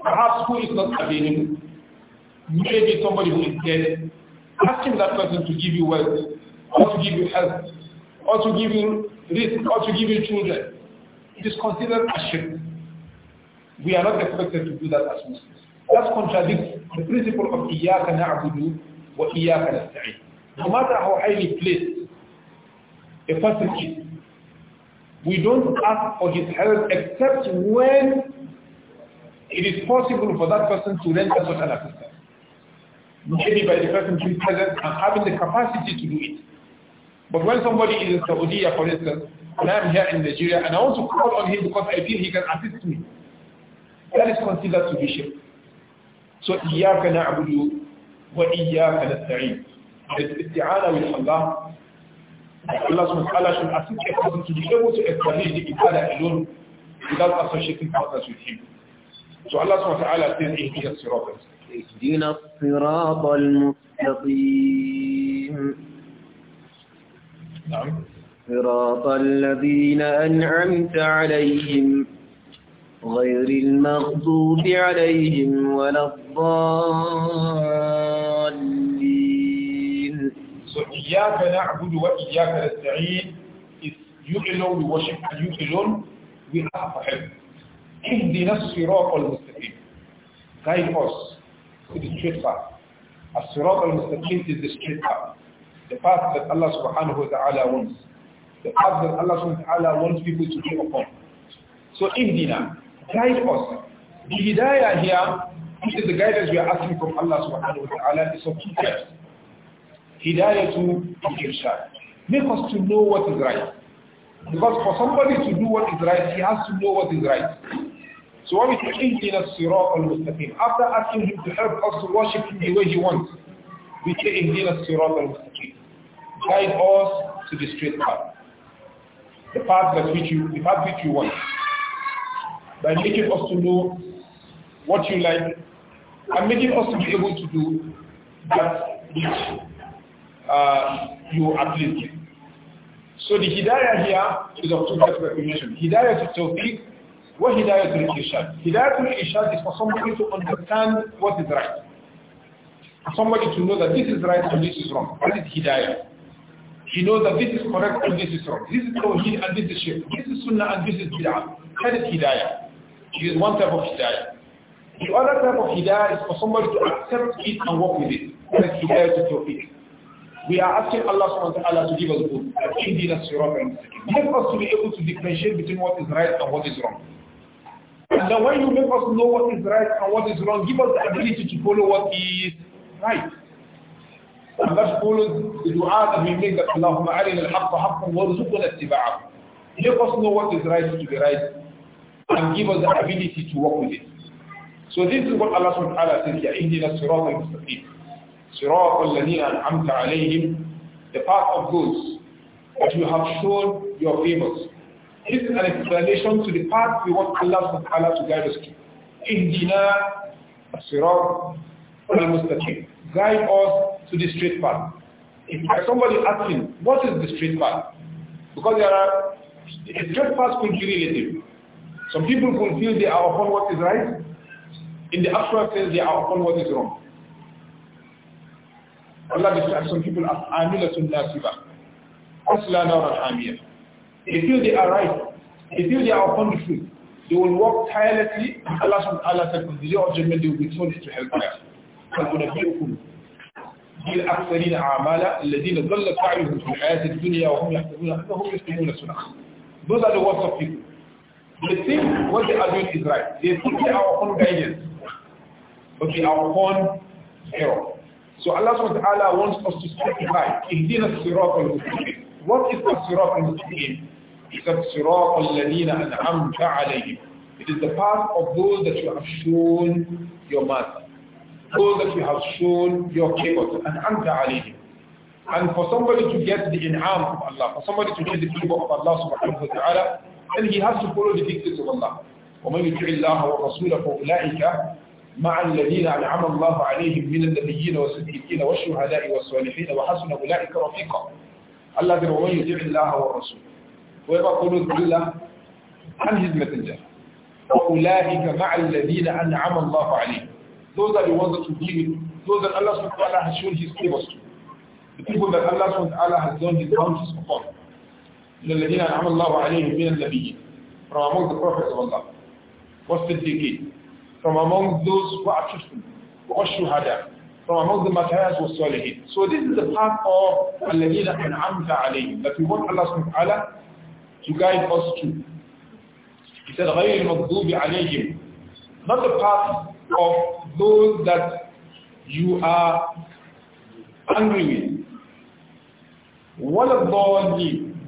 perhaps who is not available, maybe somebody who is dead, asking that person to give you wealth, or to give you health, or to give you risk, or to give you children, it is considered a shame. We are not expected to do that as Muslims. That contradicts the principle of إِيَّاكَ نَعْبُدُ وَإِيَّاكَ نَسْتَعِينُ. No matter how highly placed a person is, we don't ask for his help except when it is possible for that person to render such an assistance. Maybe by the person being present and having the capacity to do it. But when somebody is in Saudi, for instance, and I'm here in Nigeria and I want to call on him because I feel he can assist me, That is considered to be shirk. So, إِيَّاكَ نَعْبُدُ وَإِيَّاكَ نَسْتَعِينُ It's isti'ana with Allah. Allah subhanahu should assist a person to be able to establish the ibadah alone without associating partners with him. So Allah subhanahu wa ta'ala says, اهدنا الصراط اهدنا الصراط المستقيم نعم صراط الذين أنعمت عليهم غير المغضوب عليهم ولا الضالين So إياك نعبد وإياك نستعين is you alone we worship and you alone we ask for help. اهدنا الصراط المستقيم. Guide us to the straight path. الصراط المستقيم is the straight path. The path that Allah subhanahu wa ta'ala wants. The path that Allah subhanahu wa ta'ala wants people to be upon. So اهدنا guide us. The hidayah here, the guidance we are asking from Allah subhanahu wa ta'ala is of two types. Hidayah to irshad. Make us to know what is right. Because for somebody to do what is right, he has to know what is right. So what we in Ihdina sirat al-mustaqim, after asking him to help us to worship him the way he wants, we say, Ihdina sirat al-mustaqim. Guide us to the straight path. The path that which you, the path which you want by making us to know what you like and making us to be able to do that which uh, you are pleased So the hidayah here is of two types of recognition. Hidayah is tawfiq, what hidayah to ishad? Hidayah to ishad is for somebody to understand what is right. For somebody to know that this is right and this is wrong. That is hidayah. He knows that this is correct and this is wrong. This is tawheed and this is shirk. This is sunnah and this is bid'ah. That is hidayah. It is one type of hidayah. The other type of hidayah is for somebody to accept it and work with it. That's hidayah to tawfiq. We are asking Allah subhanahu to give us both. Help us to be able to differentiate between what is right and what is wrong. And then when you make us know what is right and what is wrong, give us the ability to follow what is right. And that follows the dua that we make that Allahumma arina al-haqqa haqqan warzuqna ittiba'ah. Help us know what is right to be right and give us the ability to work with it. So this is what Allah subhanahu wa ta'ala says here, al-mustaqim. al alayhim, the path of those that you have shown your favors. This is an explanation to the path we want Allah subhanahu wa ta'ala to guide us to. Ihdina sirat al-mustaqim. Guide us to the straight path. If somebody asks him, what is the straight path? Because there are, a straight path could be relative. Some people confuse they are upon what is right. In the actual sense, they are upon what is wrong. Allah describes some people as amilatun nasiba. Asla nawran amiyah. They feel they are right. They feel they are upon the truth. They will work tirelessly. Allah subhanahu wa said, the day of judgment, they will be فَلْتُنَبِّئُكُمْ الذين في الحياة الدنيا وهم أنهم سنخ. Those are the words of people. They think what they are doing is right. They think they our own guidance, but they our own error. So Allah subhanahu wa ta'ala wants us to speak right. specify, Ihdina sirat al-mustaqim. What is the sirat al-mustaqim? It's the sirat al-ladina an'amta alayhim. It is the path of those that you have shown your mercy. Those that you have shown your favor and anta alayhim. And for somebody to get the in'am of Allah, for somebody to get the favor of Allah subhanahu wa ta'ala, Then he has to follow the dictates of Allah. وَمَنْ يُتِعِ اللَّهَ وَرَسُولَهُ أُولَٰئِكَ مع الذين أنعم الله عليهم من النبيين والصديقين والشهداء والصالحين وحسن أولئك رفيقا الذين ومن يطع الله والرسول ويقول الله عن his messenger وأولئك مع الذين أنعم الله عليهم those are the ones that will be those that Allah subhanahu wa ta'ala has shown his favors to the people that Allah subhanahu wa ta'ala has done his bounties upon للذين أنعم الله عليهم من النبيين from among the prophets of Allah والصديقين from among those who are truthful والشهداء from among the martyrs والصالحين so this is the path of الذين أنعمت عليهم that we want Allah subhanahu wa ta'ala to guide us to he said غير المغضوب عليهم not the path of those that you are angry with. What a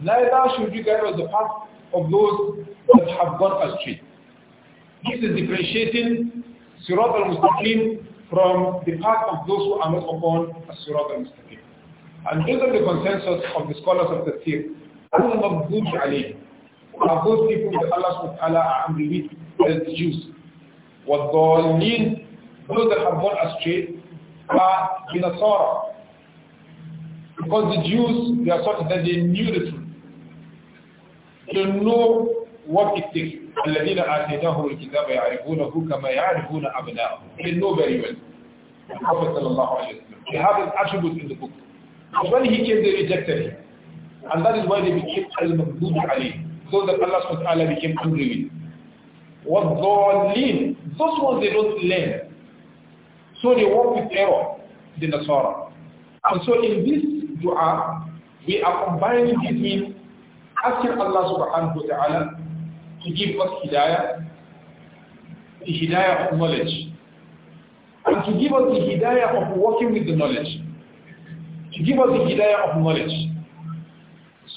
Neither should you get on the path of those that have gone astray. This is differentiating Sirat al-Mustaqim from the path of those who are not upon Sirat al-Mustaqim. And these are the consensus of the scholars of the Tafsir. Al-Mabdud alayhi are those people that Allah subhanahu wa ta'ala are angry with as the Jews. وَالضَّالِّينَ Those that have gone astray are in the Nasara. Because the Jews, they are taught that they knew the truth to know what it is. الذين آتيناهم الكتاب يعرفونه كما يعرفون أبناءهم. They know very well. The Prophet sallallahu alayhi wa sallam. They have his attributes in the book. But when he came, they rejected him. And that is why they became al-maghdubi alayhi. So that Allah subhanahu wa ta'ala became angry with. وَالضَّالِينَ Those ones they don't learn. So they walk with error, the Nasara. And so in this dua, we are combining between asking Allah subhanahu wa ta'ala to give us hidayah, the hidayah of knowledge, and to give us the hidayah of working with the knowledge, to give us the hidayah of knowledge,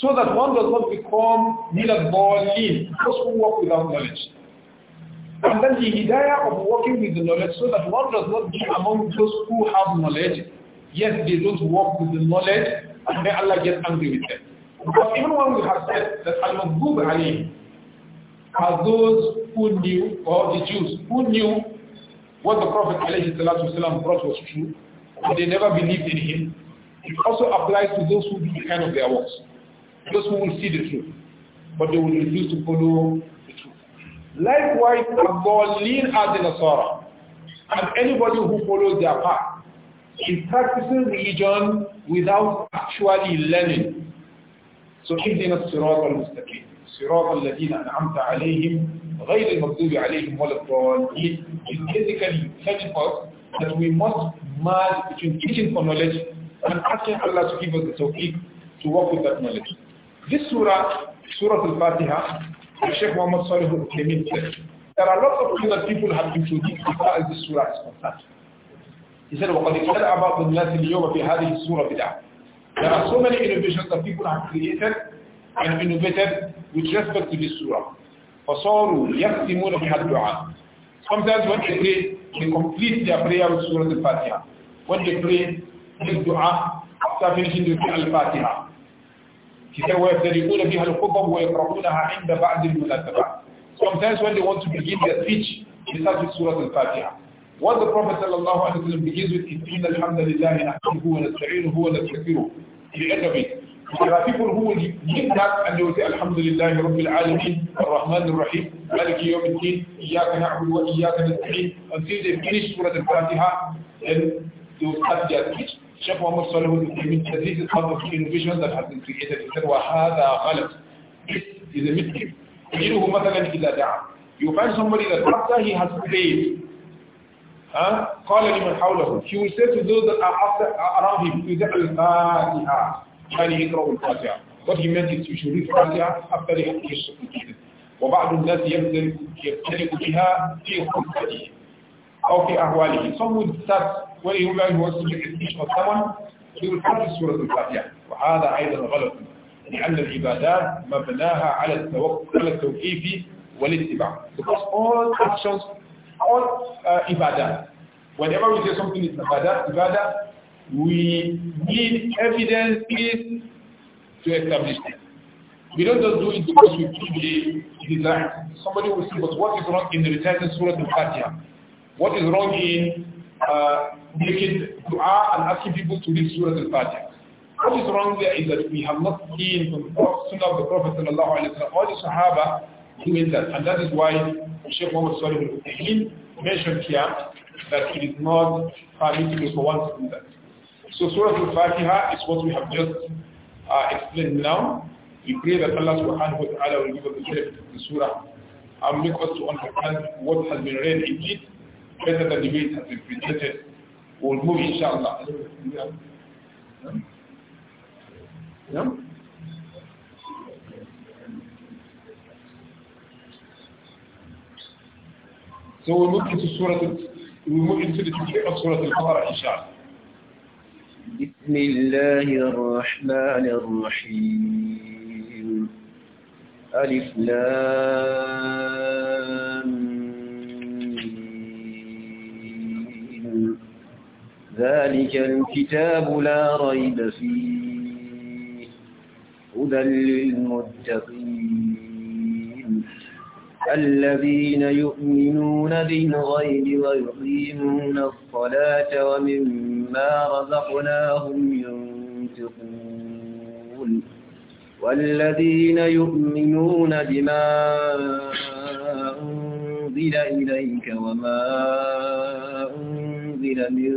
so that one does not become milad-dallin, those who work without knowledge. And then the hidayah of working with the knowledge so that one does not be among those who have knowledge, yet they don't work with the knowledge, and may Allah get angry with them. Because even when we have said that Al-Maghdub alayhim are those who knew, or the Jews, who knew what the Prophet ﷺ brought was true, and they never believed in him, it also applies to those who do the kind of their works. Those who will see the truth, but they will refuse to follow the truth. Likewise, lean as a Nasara, and anybody who follows their path, is practicing religion without actually learning So اهدنا الصراط المستقيم صراط الذين أنعمت عليهم غير المغضوب عليهم ولا الضالين is basically telling us that we must merge between teaching for knowledge and asking Allah to give us the tawfiq to work with that knowledge. This surah, Surah Al-Fatiha, Sheikh Muhammad Salih al-Uthaymeen said, there are lots of things that people have been told as far as this surah is concerned. He said, وَقَدْ اِتَّلَعَ بَعْضُ النَّاسِ الْيَوْمَ فِي هَذِهِ السُّورَةِ بِدْعَةً There are so many innovations that people have created and innovated with respect to this surah. فَصَارُوا يَقْسِمُونَ بِهَا الدُّعَاءِ Sometimes when they pray, they complete their prayer with Surah Al-Fatiha. When they pray, this dua, after finishing the Al-Fatiha. He said, بِهَا الْخُطَبُ وَيَقْرَؤُونَها عِنْدَ Sometimes when they want to begin their speech, they start with Surah Al-Fatiha. What the Prophet ﷺ begins with is إِنَّ الْحَمْدَ لِلَّهِ نَحْمِدُهُ وَنَسْتَعِينُhu وَنَسْتَغْفِruhu. The end of it. There are people who will give that and they will say Alhamdulillah Rabbil Alameen Ar-Rahman Ar-Rahim Maliki Yawm Al-Din Iyaka Na'budu wa Iyaka Nasta'in Until they finish Surah Al-Fatiha then they will start their speech Shaykh Muhammad Salih al-Uthaymeen said this is part of the innovation that has been created He said وَهَذَا غَلَط This is a mistake تجده مثلا إذا دعا You find somebody that after he has prayed Huh? He will say to those that are around him, Al-Fatiha. What he meant is you should read Fatiha after the hadith. وبعض الناس يبتلك بها في خطته أو في أهواله. Some would start when he wants to make a speech for someone, he will start with Surah وهذا أيضا غلط. لأن العبادات مبناها على التوقيف والاتباع. Because all actions all uh, ibadah. Whenever we say something is ibadah, ibadah, we need evidences to establish it. We don't just do it because we feel it is right. Somebody will say, but what is wrong in the reciting Surah Al-Fatiha? What is wrong in uh, making dua and asking people to read Surah Al-Fatiha? What is wrong there is that we have not seen from the Sunnah of the Prophet Sallallahu Alaihi Wasallam the Sahaba doing that. And that is why Sheikh Muhammad Salih mentioned here that it is not permitted for one to do that. So Surah Al-Fatiha is what we have just uh, explained now. We pray that Allah subhanahu wa ta'ala will give us the the surah and make us to understand what has been read in it better than the way it has been presented. We'll move inshallah. Yeah? yeah? سوى مؤمن سورة المؤمن في سورة القمر إن شاء الله بسم الله الرحمن الرحيم ألف لام ذلك الكتاب لا ريب فيه هدى للمتقين الذين يؤمنون بالغيب ويقيمون الصلاة ومما رزقناهم ينفقون والذين يؤمنون بما أنزل إليك وما أنزل من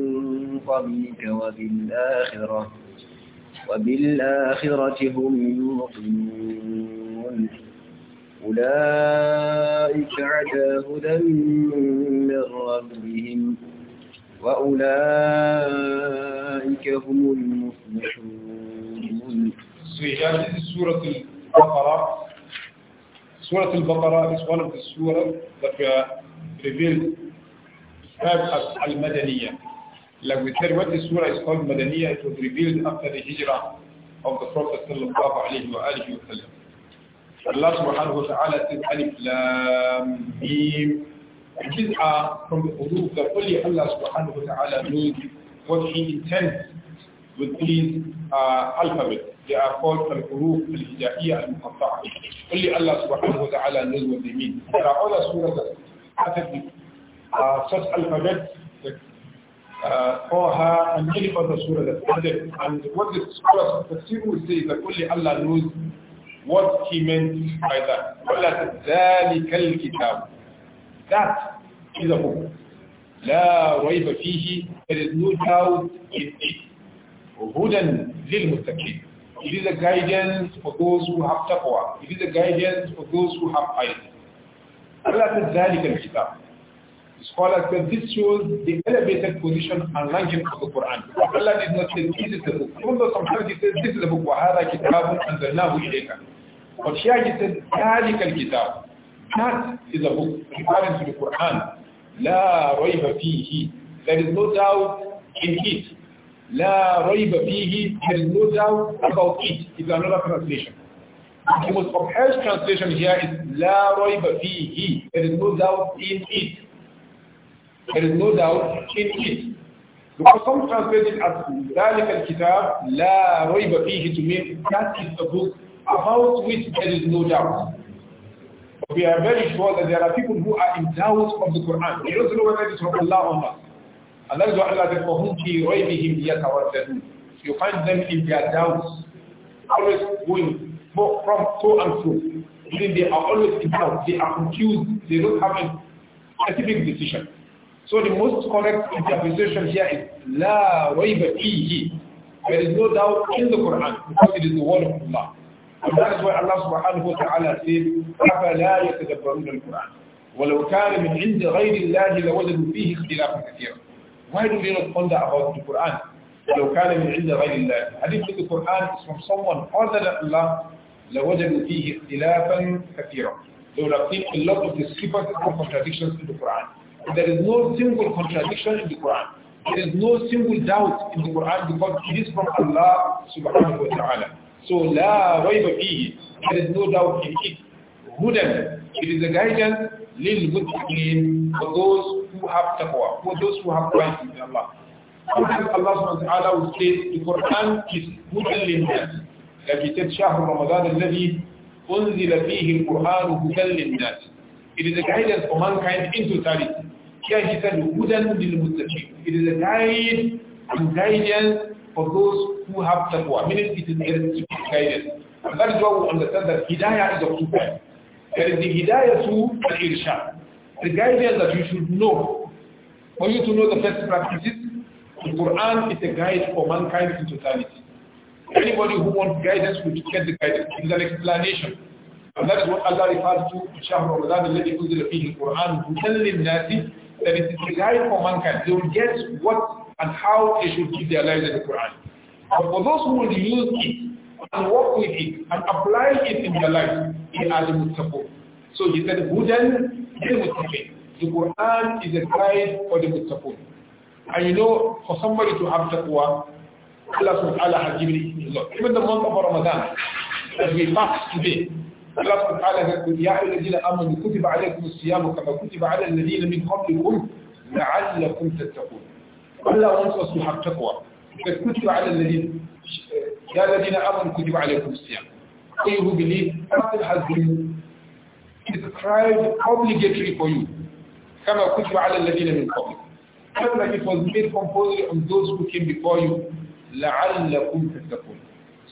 قبلك وبالآخرة وبالآخرة هم يوقنون أولئك على هدى من ربهم وأولئك هم المفلحون سورة البقرة سورة البقرة is one of the surah that we are revealed described as Al-Madaniyah. Like we said, when this surah is called Madaniyah, it was revealed after the hijrah of the Prophet sallallahu alayhi wa alihi wa sallam. Allah subhanahu wa ta'ala says Alif Lam Mim. These uh, are from the uluf that only Allah subhanahu wa ta'ala knows what he intends with these uh, alphabets. They are called al-huruf al-hijaiyah al-muqatta'ah. Only Allah subhanahu wa ta'ala knows what they mean. There are other surahs that started with uh, such alphabets like uh, Taha and many other surahs that started. And what the scholars of Tafsir will say is that only Allah knows what he meant by that. ذَلِكَ الْكِتَابُ That is a book. لَا رَيْبَ فِيهِ There is no doubt in it. هُدًى لِلْمُتَّقِينَ It is a guidance for those who have taqwa. It is a guidance for those who have faith. Allah ذَلِكَ الْكِتَابُ Scholars say this shows the elevated position and ranking of the Quran. Allah did not say this is the book. Even though sometimes he says this is the book, وَهَذَا كِتَابٌ أَنْزَلْنَاهُ إِلَيْكَ But here he said, ذَلِكَ الْكِتَابُ That is a book referring to the Quran. لَا رَيْبَ فِيهِ There is no doubt in it. لَا رَيْبَ فِيهِ There is no doubt about it. It's another translation. The most obvious translation here is La Roiba Fihi. There is no doubt in it. There is no doubt in it. Because some translate it as ذَلِكَ الْكِتَابِ لَا رَيْبَ فِيهِ to mean that is a book about which there is no doubt. But we are very sure that there are people who are in doubt of the Quran. They don't know whether it is from Allah or not. And that is why Allah said, فَهُمْ فِي رَيْبِهِمْ يَتَوَدَّدُونَ You find them in their doubts, always going from to and fro. Meaning they are always in doubt, they are confused, they don't have a specific decision. So the most correct interpretation here is La rayba fihi. There is no doubt in the Quran because it is the word of Allah. And that is why Allah subhanahu wa ta'ala said, أَفَلَا يَتَدَبَّرُونَ الْقُرْآنَ وَلَوْ كَانَ مِنْ عِنْدِ غَيْرِ اللَّهِ لَوَجَدُوا فِيهِ اخْتِلَافًا كَثِيرًا Why do we not ponder about the Quran? وَلَوْ كَانَ مِنْ عِنْدِ غَيْرِ اللَّهِ Hadith in the Quran is from someone other than Allah لَوَجَدُوا فِيهِ اخْتِلَافًا كَثِيرًا They would have seen a lot of discrepancies and contradictions in the Quran. There is no single contradiction in the Quran. There is no single doubt in the Quran because it is from Allah subhanahu wa ta'ala. So la rayba There is no doubt in it. Hudan. It is a guidance lil muttaqin for those who have taqwa, for those who have faith in Allah. Sometimes Allah subhanahu wa ta'ala will say the Quran is hudan lil Like he said, شهر رمضان الذي أنزل فيه القرآن هدى للناس. It is a guidance for mankind into totality. Here he said, the lil It is a guide and guidance for those who have taqwa. Meaning it is a guidance. And that is why we understand that hidayah is of two kinds. There is the hidayah to al-irshad. The guidance that you should know. For you to know the best practices, the Quran is a guide for mankind in totality. Anybody who wants guidance will get the guidance. It is an explanation. And that is what Allah refers to in Shahr Ramadan, the Quran فيه القرآن the للناس that it is life for mankind. They will get what and how they should live their lives in the Quran. But for those who will use it and work with it and apply it in their life, they are the muttaqun. So he said, Hudan lil muttaqin. The Quran is a guide for the muttaqun. And you know, for somebody to have taqwa, Allah subhanahu wa ta'ala has given it Even the month of Ramadan that we fast today, الله سبحانه يقول يا أيها الذين آمنوا كتب عليكم الصيام كما كتب على الذين من قبلكم لعلكم تتقون الله وانصصوا حق تقوى كتب على الذين يا الذين آمنوا كتب عليكم الصيام If you believe something has been described obligatory for you كما كتب على الذين من قبلكم كما it was made compulsory on those who came before you لعلكم تتقون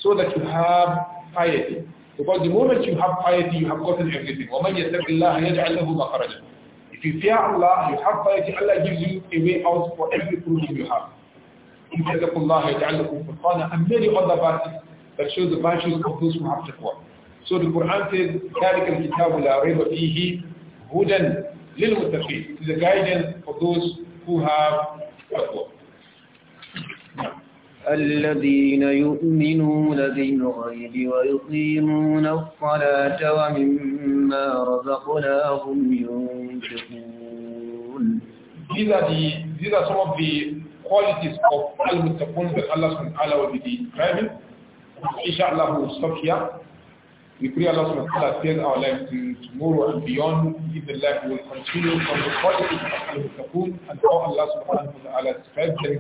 so that you have piety Because the moment you have piety, you have gotten everything. وَمَنْ يَتَّقِ اللَّهَ يَجْعَلْ لَهُ مَخْرَجًا If you fear Allah, you have piety, Allah gives you a way out for every problem you have. إِنْ تَتَقُ اللَّهَ يَجْعَلْ لَكُمْ فُرْقَانًا And many other verses that show the virtues of those who have taqwa. So the Quran says, ذَلِكَ الْكِتَابُ لَا رَيْبَ فِيهِ هُدًى لِلْمُتَّقِينَ It is a guidance for those who have taqwa. الذين يؤمنون بالغيب ويقيمون الصلاة ومما رزقناهم ينفقون These are, the, these are some of the qualities of Al-Muttaqun that Allah subhanahu wa ta'ala will be describing. Inshallah we will stop here. We pray Allah subhanahu wa ta'ala save our lives to tomorrow and beyond. If the life will continue from the qualities of Al-Muttaqun and how Allah subhanahu wa ta'ala describes them.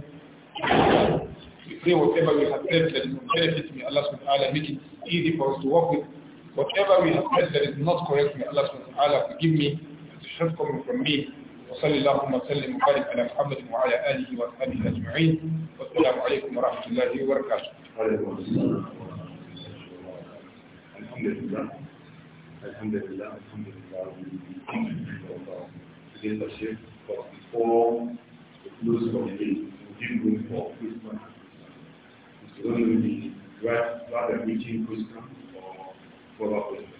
Say whatever we have said that is will me, Allah subhanahu wa ta'ala, make it easy for us to work with. Whatever we have said that is not correct, me Allah subhanahu wa ta'ala forgive me, it's a shortcoming from me. وصلى اللهم وسلم وبارك على محمد وعلى اله اجمعين والسلام عليكم ورحمه الله وبركاته. الحمد لله الحمد لله الحمد لله of the day, give room for Christmas you don't know if it's right rather reaching wisdom or follow wisdom.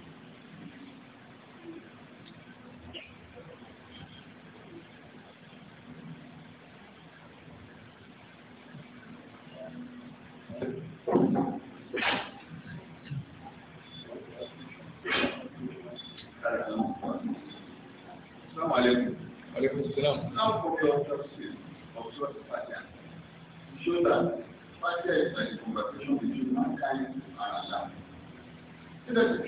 to the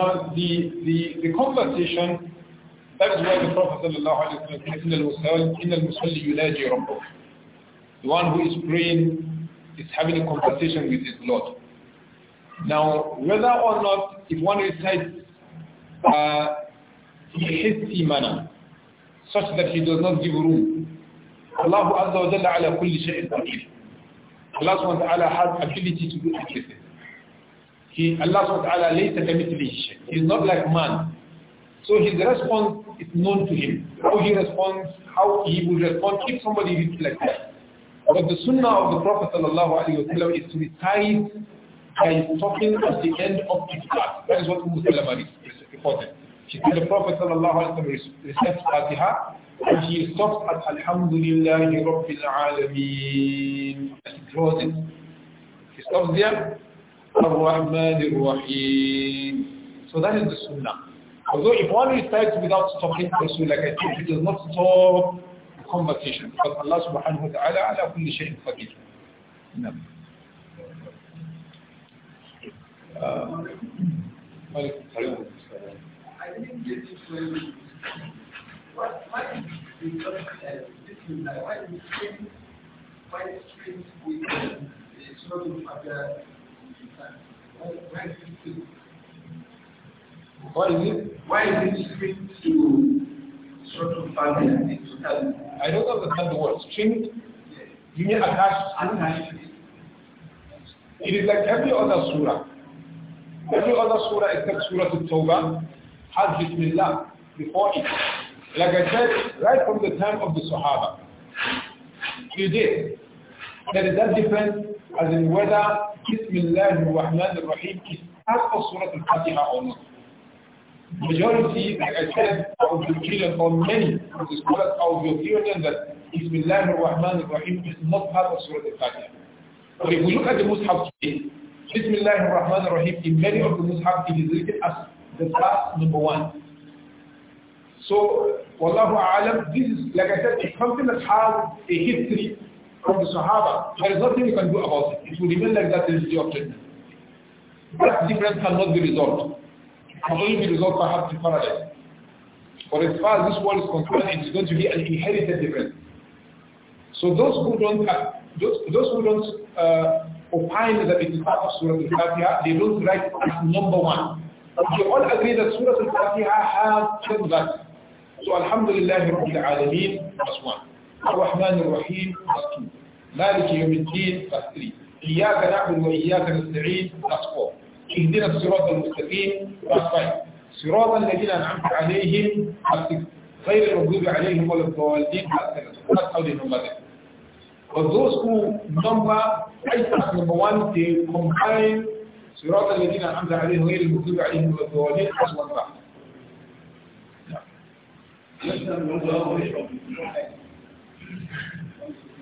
Now, the, the, the conversation, that is why the Prophet ﷺ The one who is praying is having a conversation with his Lord. Now, whether or not, if one recites uh, his manner, such that he does not give room, Allah Azza wa Jalla ala kulli Allah has ability to do everything. He, Allah subhanahu wa ta'ala, laysa kamithlihi. He is not like man. So his response is known to him. How he responds, how he will respond if somebody is like that. But the sunnah of the Prophet sallallahu alayhi wa sallam is to be recite by talking at the end of his class. That is what Umm Salama reported. She said the Prophet sallallahu alayhi wa sallam recites Fatiha and she stops at Alhamdulillahi Rabbil Alameen. And he draws it. He stops there so that is the sunnah. Although if one recites without stopping also like I said, it does not stop the conversation. But Allah subhanahu wa ta'ala ala kulli shayin No. Uh, I why is Why is it strange? Why is it with the Surah what is it? Why is it strict to sort of family and to help? I don't understand the word. Strict? Yes. You mean attached? Attached. It is like every other surah. Every other surah except Surah Al-Tawbah has Bismillah before it. Like I said, right from the time of the Sahaba. You did. There is that difference as in whether Bismillah ar-Rahman ar-Rahim is part of Surah al Majority, like I said, of the children, or many of the scholars of the opinion that Bismillah ar-Rahman ar is not part of Surah Al-Fatiha. But if we look at the Mus'haf today, Bismillah ar-Rahman ar in many of the Mus'haf, it is written as the class number one. So, Wallahu A'lam, this is, like I said, it's something that has a history from the Sahaba. There is nothing you can do about it. It will remain like that till the day of judgment. That difference cannot be resolved. It can only be resolved perhaps in paradise. But as far as this world is concerned, it is going to be an inherited difference. So those who don't have, uh, those, those who don't uh, opine that it is part of Surah Al-Fatiha, they don't write as number one. We all agree that Surah Al-Fatiha has ten verses. So Alhamdulillah Rabbil Alameen, verse one. الرحمن الرحيم مسكين مالك يوم الدين مسكين إياك نعبد وإياك نستعين نصفه اهدنا الصراط المستقيم نصفين صراط الذين أنعمت عليهم غير المغضوب عليهم ولا الضالين That's how they number them. But those who number as number one, they combine صراط الذين أنعمت عليهم غير المغضوب عليهم ولا الضالين as one part. Yeah.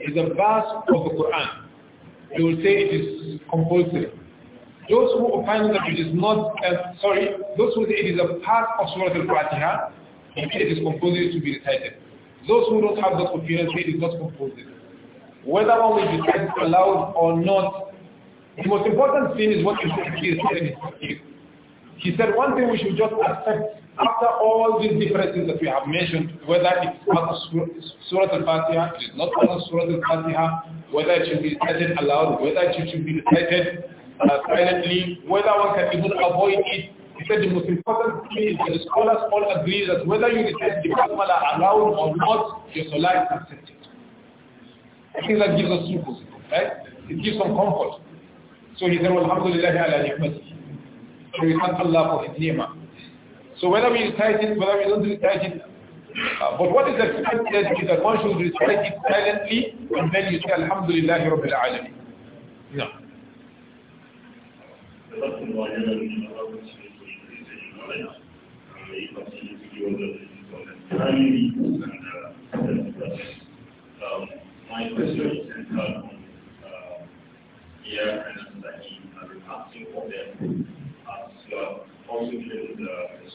is a verse of the Quran, they will say it is compulsory. Those who opine that it is not, uh, sorry, those who say it is a part of Surah Al-Fatiha, it is compulsory to be recited. Those who don't have that opinion say it is not compulsory. Whether one will be allowed or not, the most important thing is what you should He said one thing we should just accept after all these differences that we have mentioned, whether it's part of Surah Al-Fatiha, it is not part of Surah Al-Fatiha, whether it should be recited aloud, whether it should be recited uh, silently, whether one can even avoid it. He said the most important thing is that the scholars all agree that whether you recite the basmala aloud or not, your salah is accepted. I think that gives us some sukuk, right? It gives some comfort. So he said, Alhamdulillah ala ni'mati. So we thank Allah for his ni'mah. So whether we recite it, whether we don't recite it, uh, but what is expected is that one should recite it silently and then you say Alhamdulillah Rabbil Alameen. No. my question is centered on here and for them as uh, also given the uh,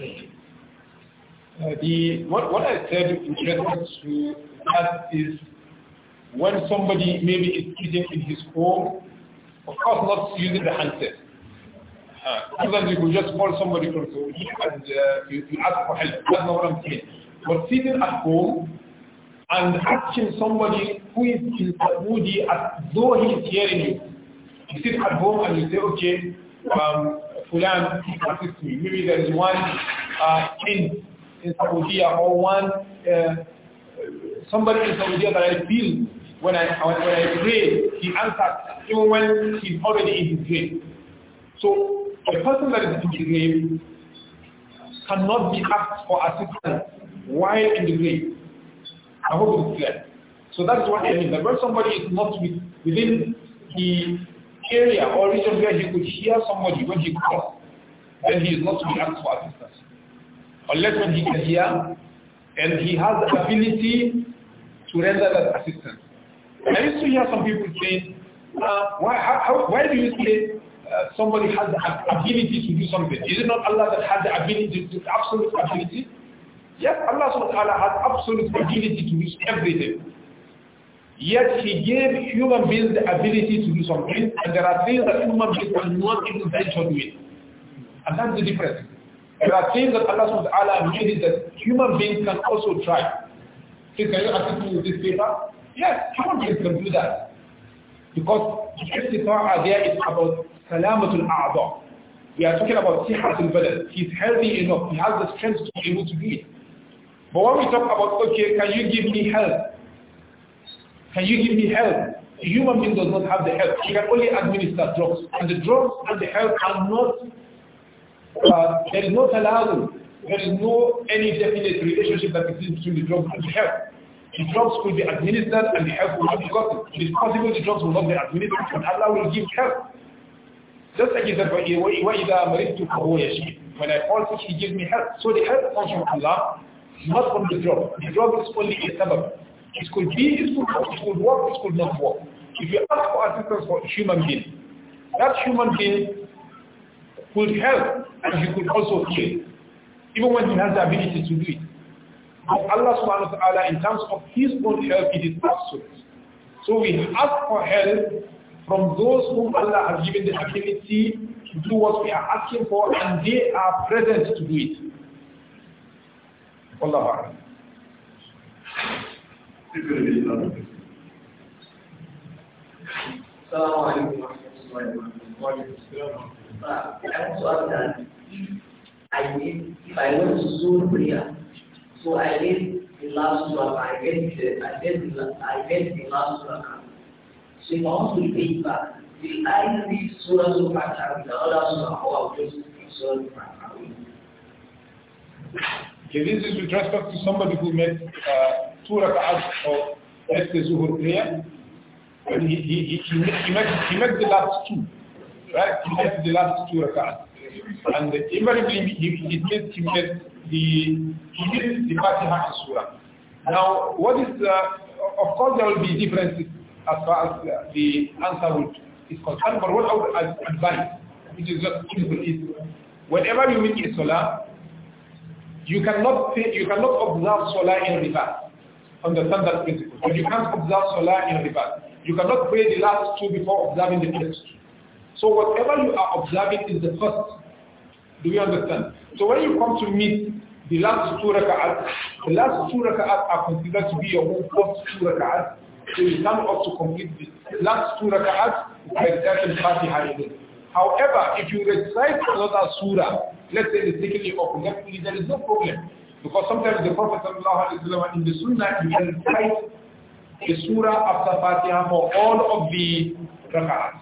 Uh, the, what, what I said in reference to that is when somebody maybe is sitting in his home, of course not using the handset. Uh, sometimes you could just call somebody from the and uh, you, you ask for help. That's not what I'm saying. But sitting at home and asking somebody who is in Saudi as though he is hearing you. You sit at home and you say, okay, um, Fulan assists me. Maybe there is one uh, in, in Saudi or one, uh, somebody in Saudi that I feel when I, when I pray, he answers even when he's already in his grave. So a person that is in the grave cannot be asked for assistance while in the grave. I hope it's clear. So that's what I mean. That when somebody is not with, within the area or region where he could hear somebody when he calls, then he is not to be asked for assistance. Unless when he can hear and he has the ability to render that assistance. I used to hear some people say, uh, why, how, why do you say uh, somebody has the ability to do something? Is it not Allah that has the ability, the absolute ability? Yes, Allah subhanahu wa ta'ala has absolute ability to do everything. Yet he gave human beings the ability to do something, and there are things that human beings cannot even venture with, And that's the difference. There are things that Allah subhanahu wa ta'ala made that human beings can also try. So can you assist me with this paper? Yes, human beings can do that. Because the istifa'a there is about salamatul a'adha. We are talking about sihatul badal. He's healthy enough. He has the strength to be able to do it. But when we talk about, okay, can you give me help? Can you give me help? A human being does not have the help. He can only administer drugs. And the drugs and the help are not, uh, there is not allowed. There is no any definite relationship that exists between the drugs and the help. The drugs will be administered and the help will not be gotten. It is possible the drugs will not be administered and Allah will give help. Just like he said, When I fall sick, he gives me help. So the help comes from Allah, not from the drug. The drug is only a sabab. It could be, it could not, could work, it could not work. If you ask for assistance for a human being, that human being could help and he could also heal, even when he has the ability to do it. But Allah subhanahu wa ta'ala, in terms of his own help, it is absolute. So we ask for help from those whom Allah has given the ability to do what we are asking for and they are present to do it. Allah I need, if I want to do prayer, so I need the last one, I get the, I get the, I get the last one. So if I want to pay back, will I read Surah al the other Surah, or just read Okay, this is with respect to somebody who made uh, two rak'ahs of let Zuhur prayer. And he, he, he, he, made, he, made, he made the last two, right? He made the last two rak'ahs. And invariably he, he, made, he made the, he made the Fatiha and Surah. Now, what is the, uh, of course there will be differences as far as uh, the answer would, is concerned, but what I would advise, which is just simple, is whenever you make a salah, you cannot you cannot observe Salah in reverse. on the standard principle. you can't observe Salah in reverse. You cannot pray the last two before observing the first. So whatever you are observing is the first. Do you understand? So when you come to meet the last two raka'at, the last two raka'at are considered to be your own first two raka'at. So you stand up to complete the last two raka'at by reciting Fatiha in it. However, if you recite another surah let's say mistakenly or forgetfully, there is no problem. Because sometimes the Prophet ﷺ in the Sunnah, you can cite a surah after Fatiha for all of the rak'ahs.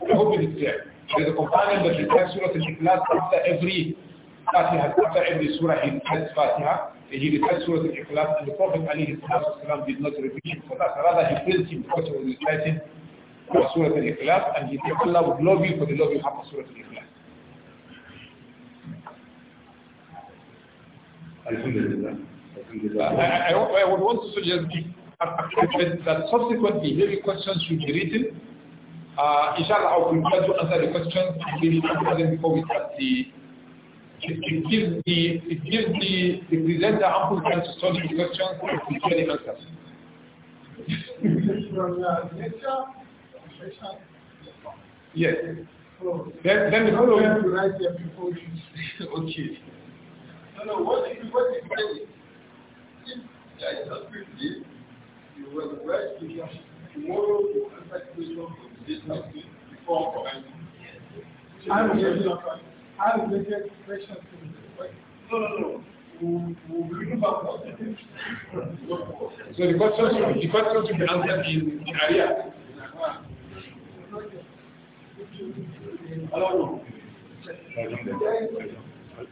I hope it is clear. There is a companion that recites surah al-Ikhlas after every Fatiha, after every surah he recites Fatiha. He recites surah al-Ikhlas and the Prophet ﷺ did not repeat it for that. Rather, he praised him because he was reciting Surah Al-Ikhlas and he said, Allah would love you for the love you have for Surah Al-Ikhlas. Alhamdulillah. I, I, I would want to suggest that subsequently maybe questions should be written. Uh, inshallah, I will try to answer the questions and before we start the it, it gives the it gives the, the presenter ample time to study the questions and prepare the answers. [LAUGHS] yes. Then, then the following. [LAUGHS] okay. No, no, what you, what you You tomorrow before I No, no, no. so the question, the question to be answered is in area. I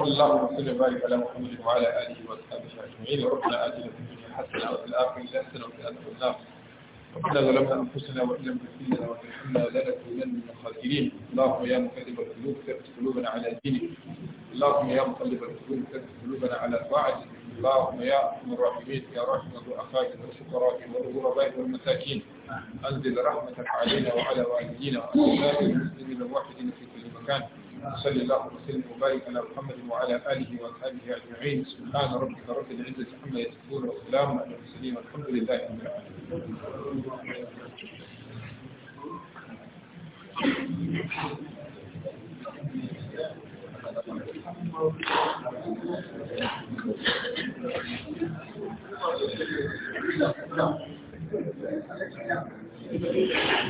اللهم صل وبارك على محمد وعلى اله واصحابه اجمعين وربنا اتنا في الدنيا حسنه وفي الاخره حسنه وقنا نعم. عذاب ربنا ظلمنا أنفسنا وإن لم تغفر لنا وترحمنا لنكونن من الخاسرين اللهم يا مكذب القلوب ثبت قلوبنا على دينك اللهم يا مقلب القلوب ثبت قلوبنا على طاعتك اللهم يا ارحم الراحمين يا رحمة الأخاك والشكراء والغرباء والمساكين أنزل رحمتك علينا وعلى والدينا وعلى المسلمين الموحدين في كل مكان صلى الله وسلم وبارك على محمد وعلى اله واصحابه اجمعين سبحان ربك رب العزه عما يصفون وسلام على المرسلين والحمد لله رب العالمين Thank you.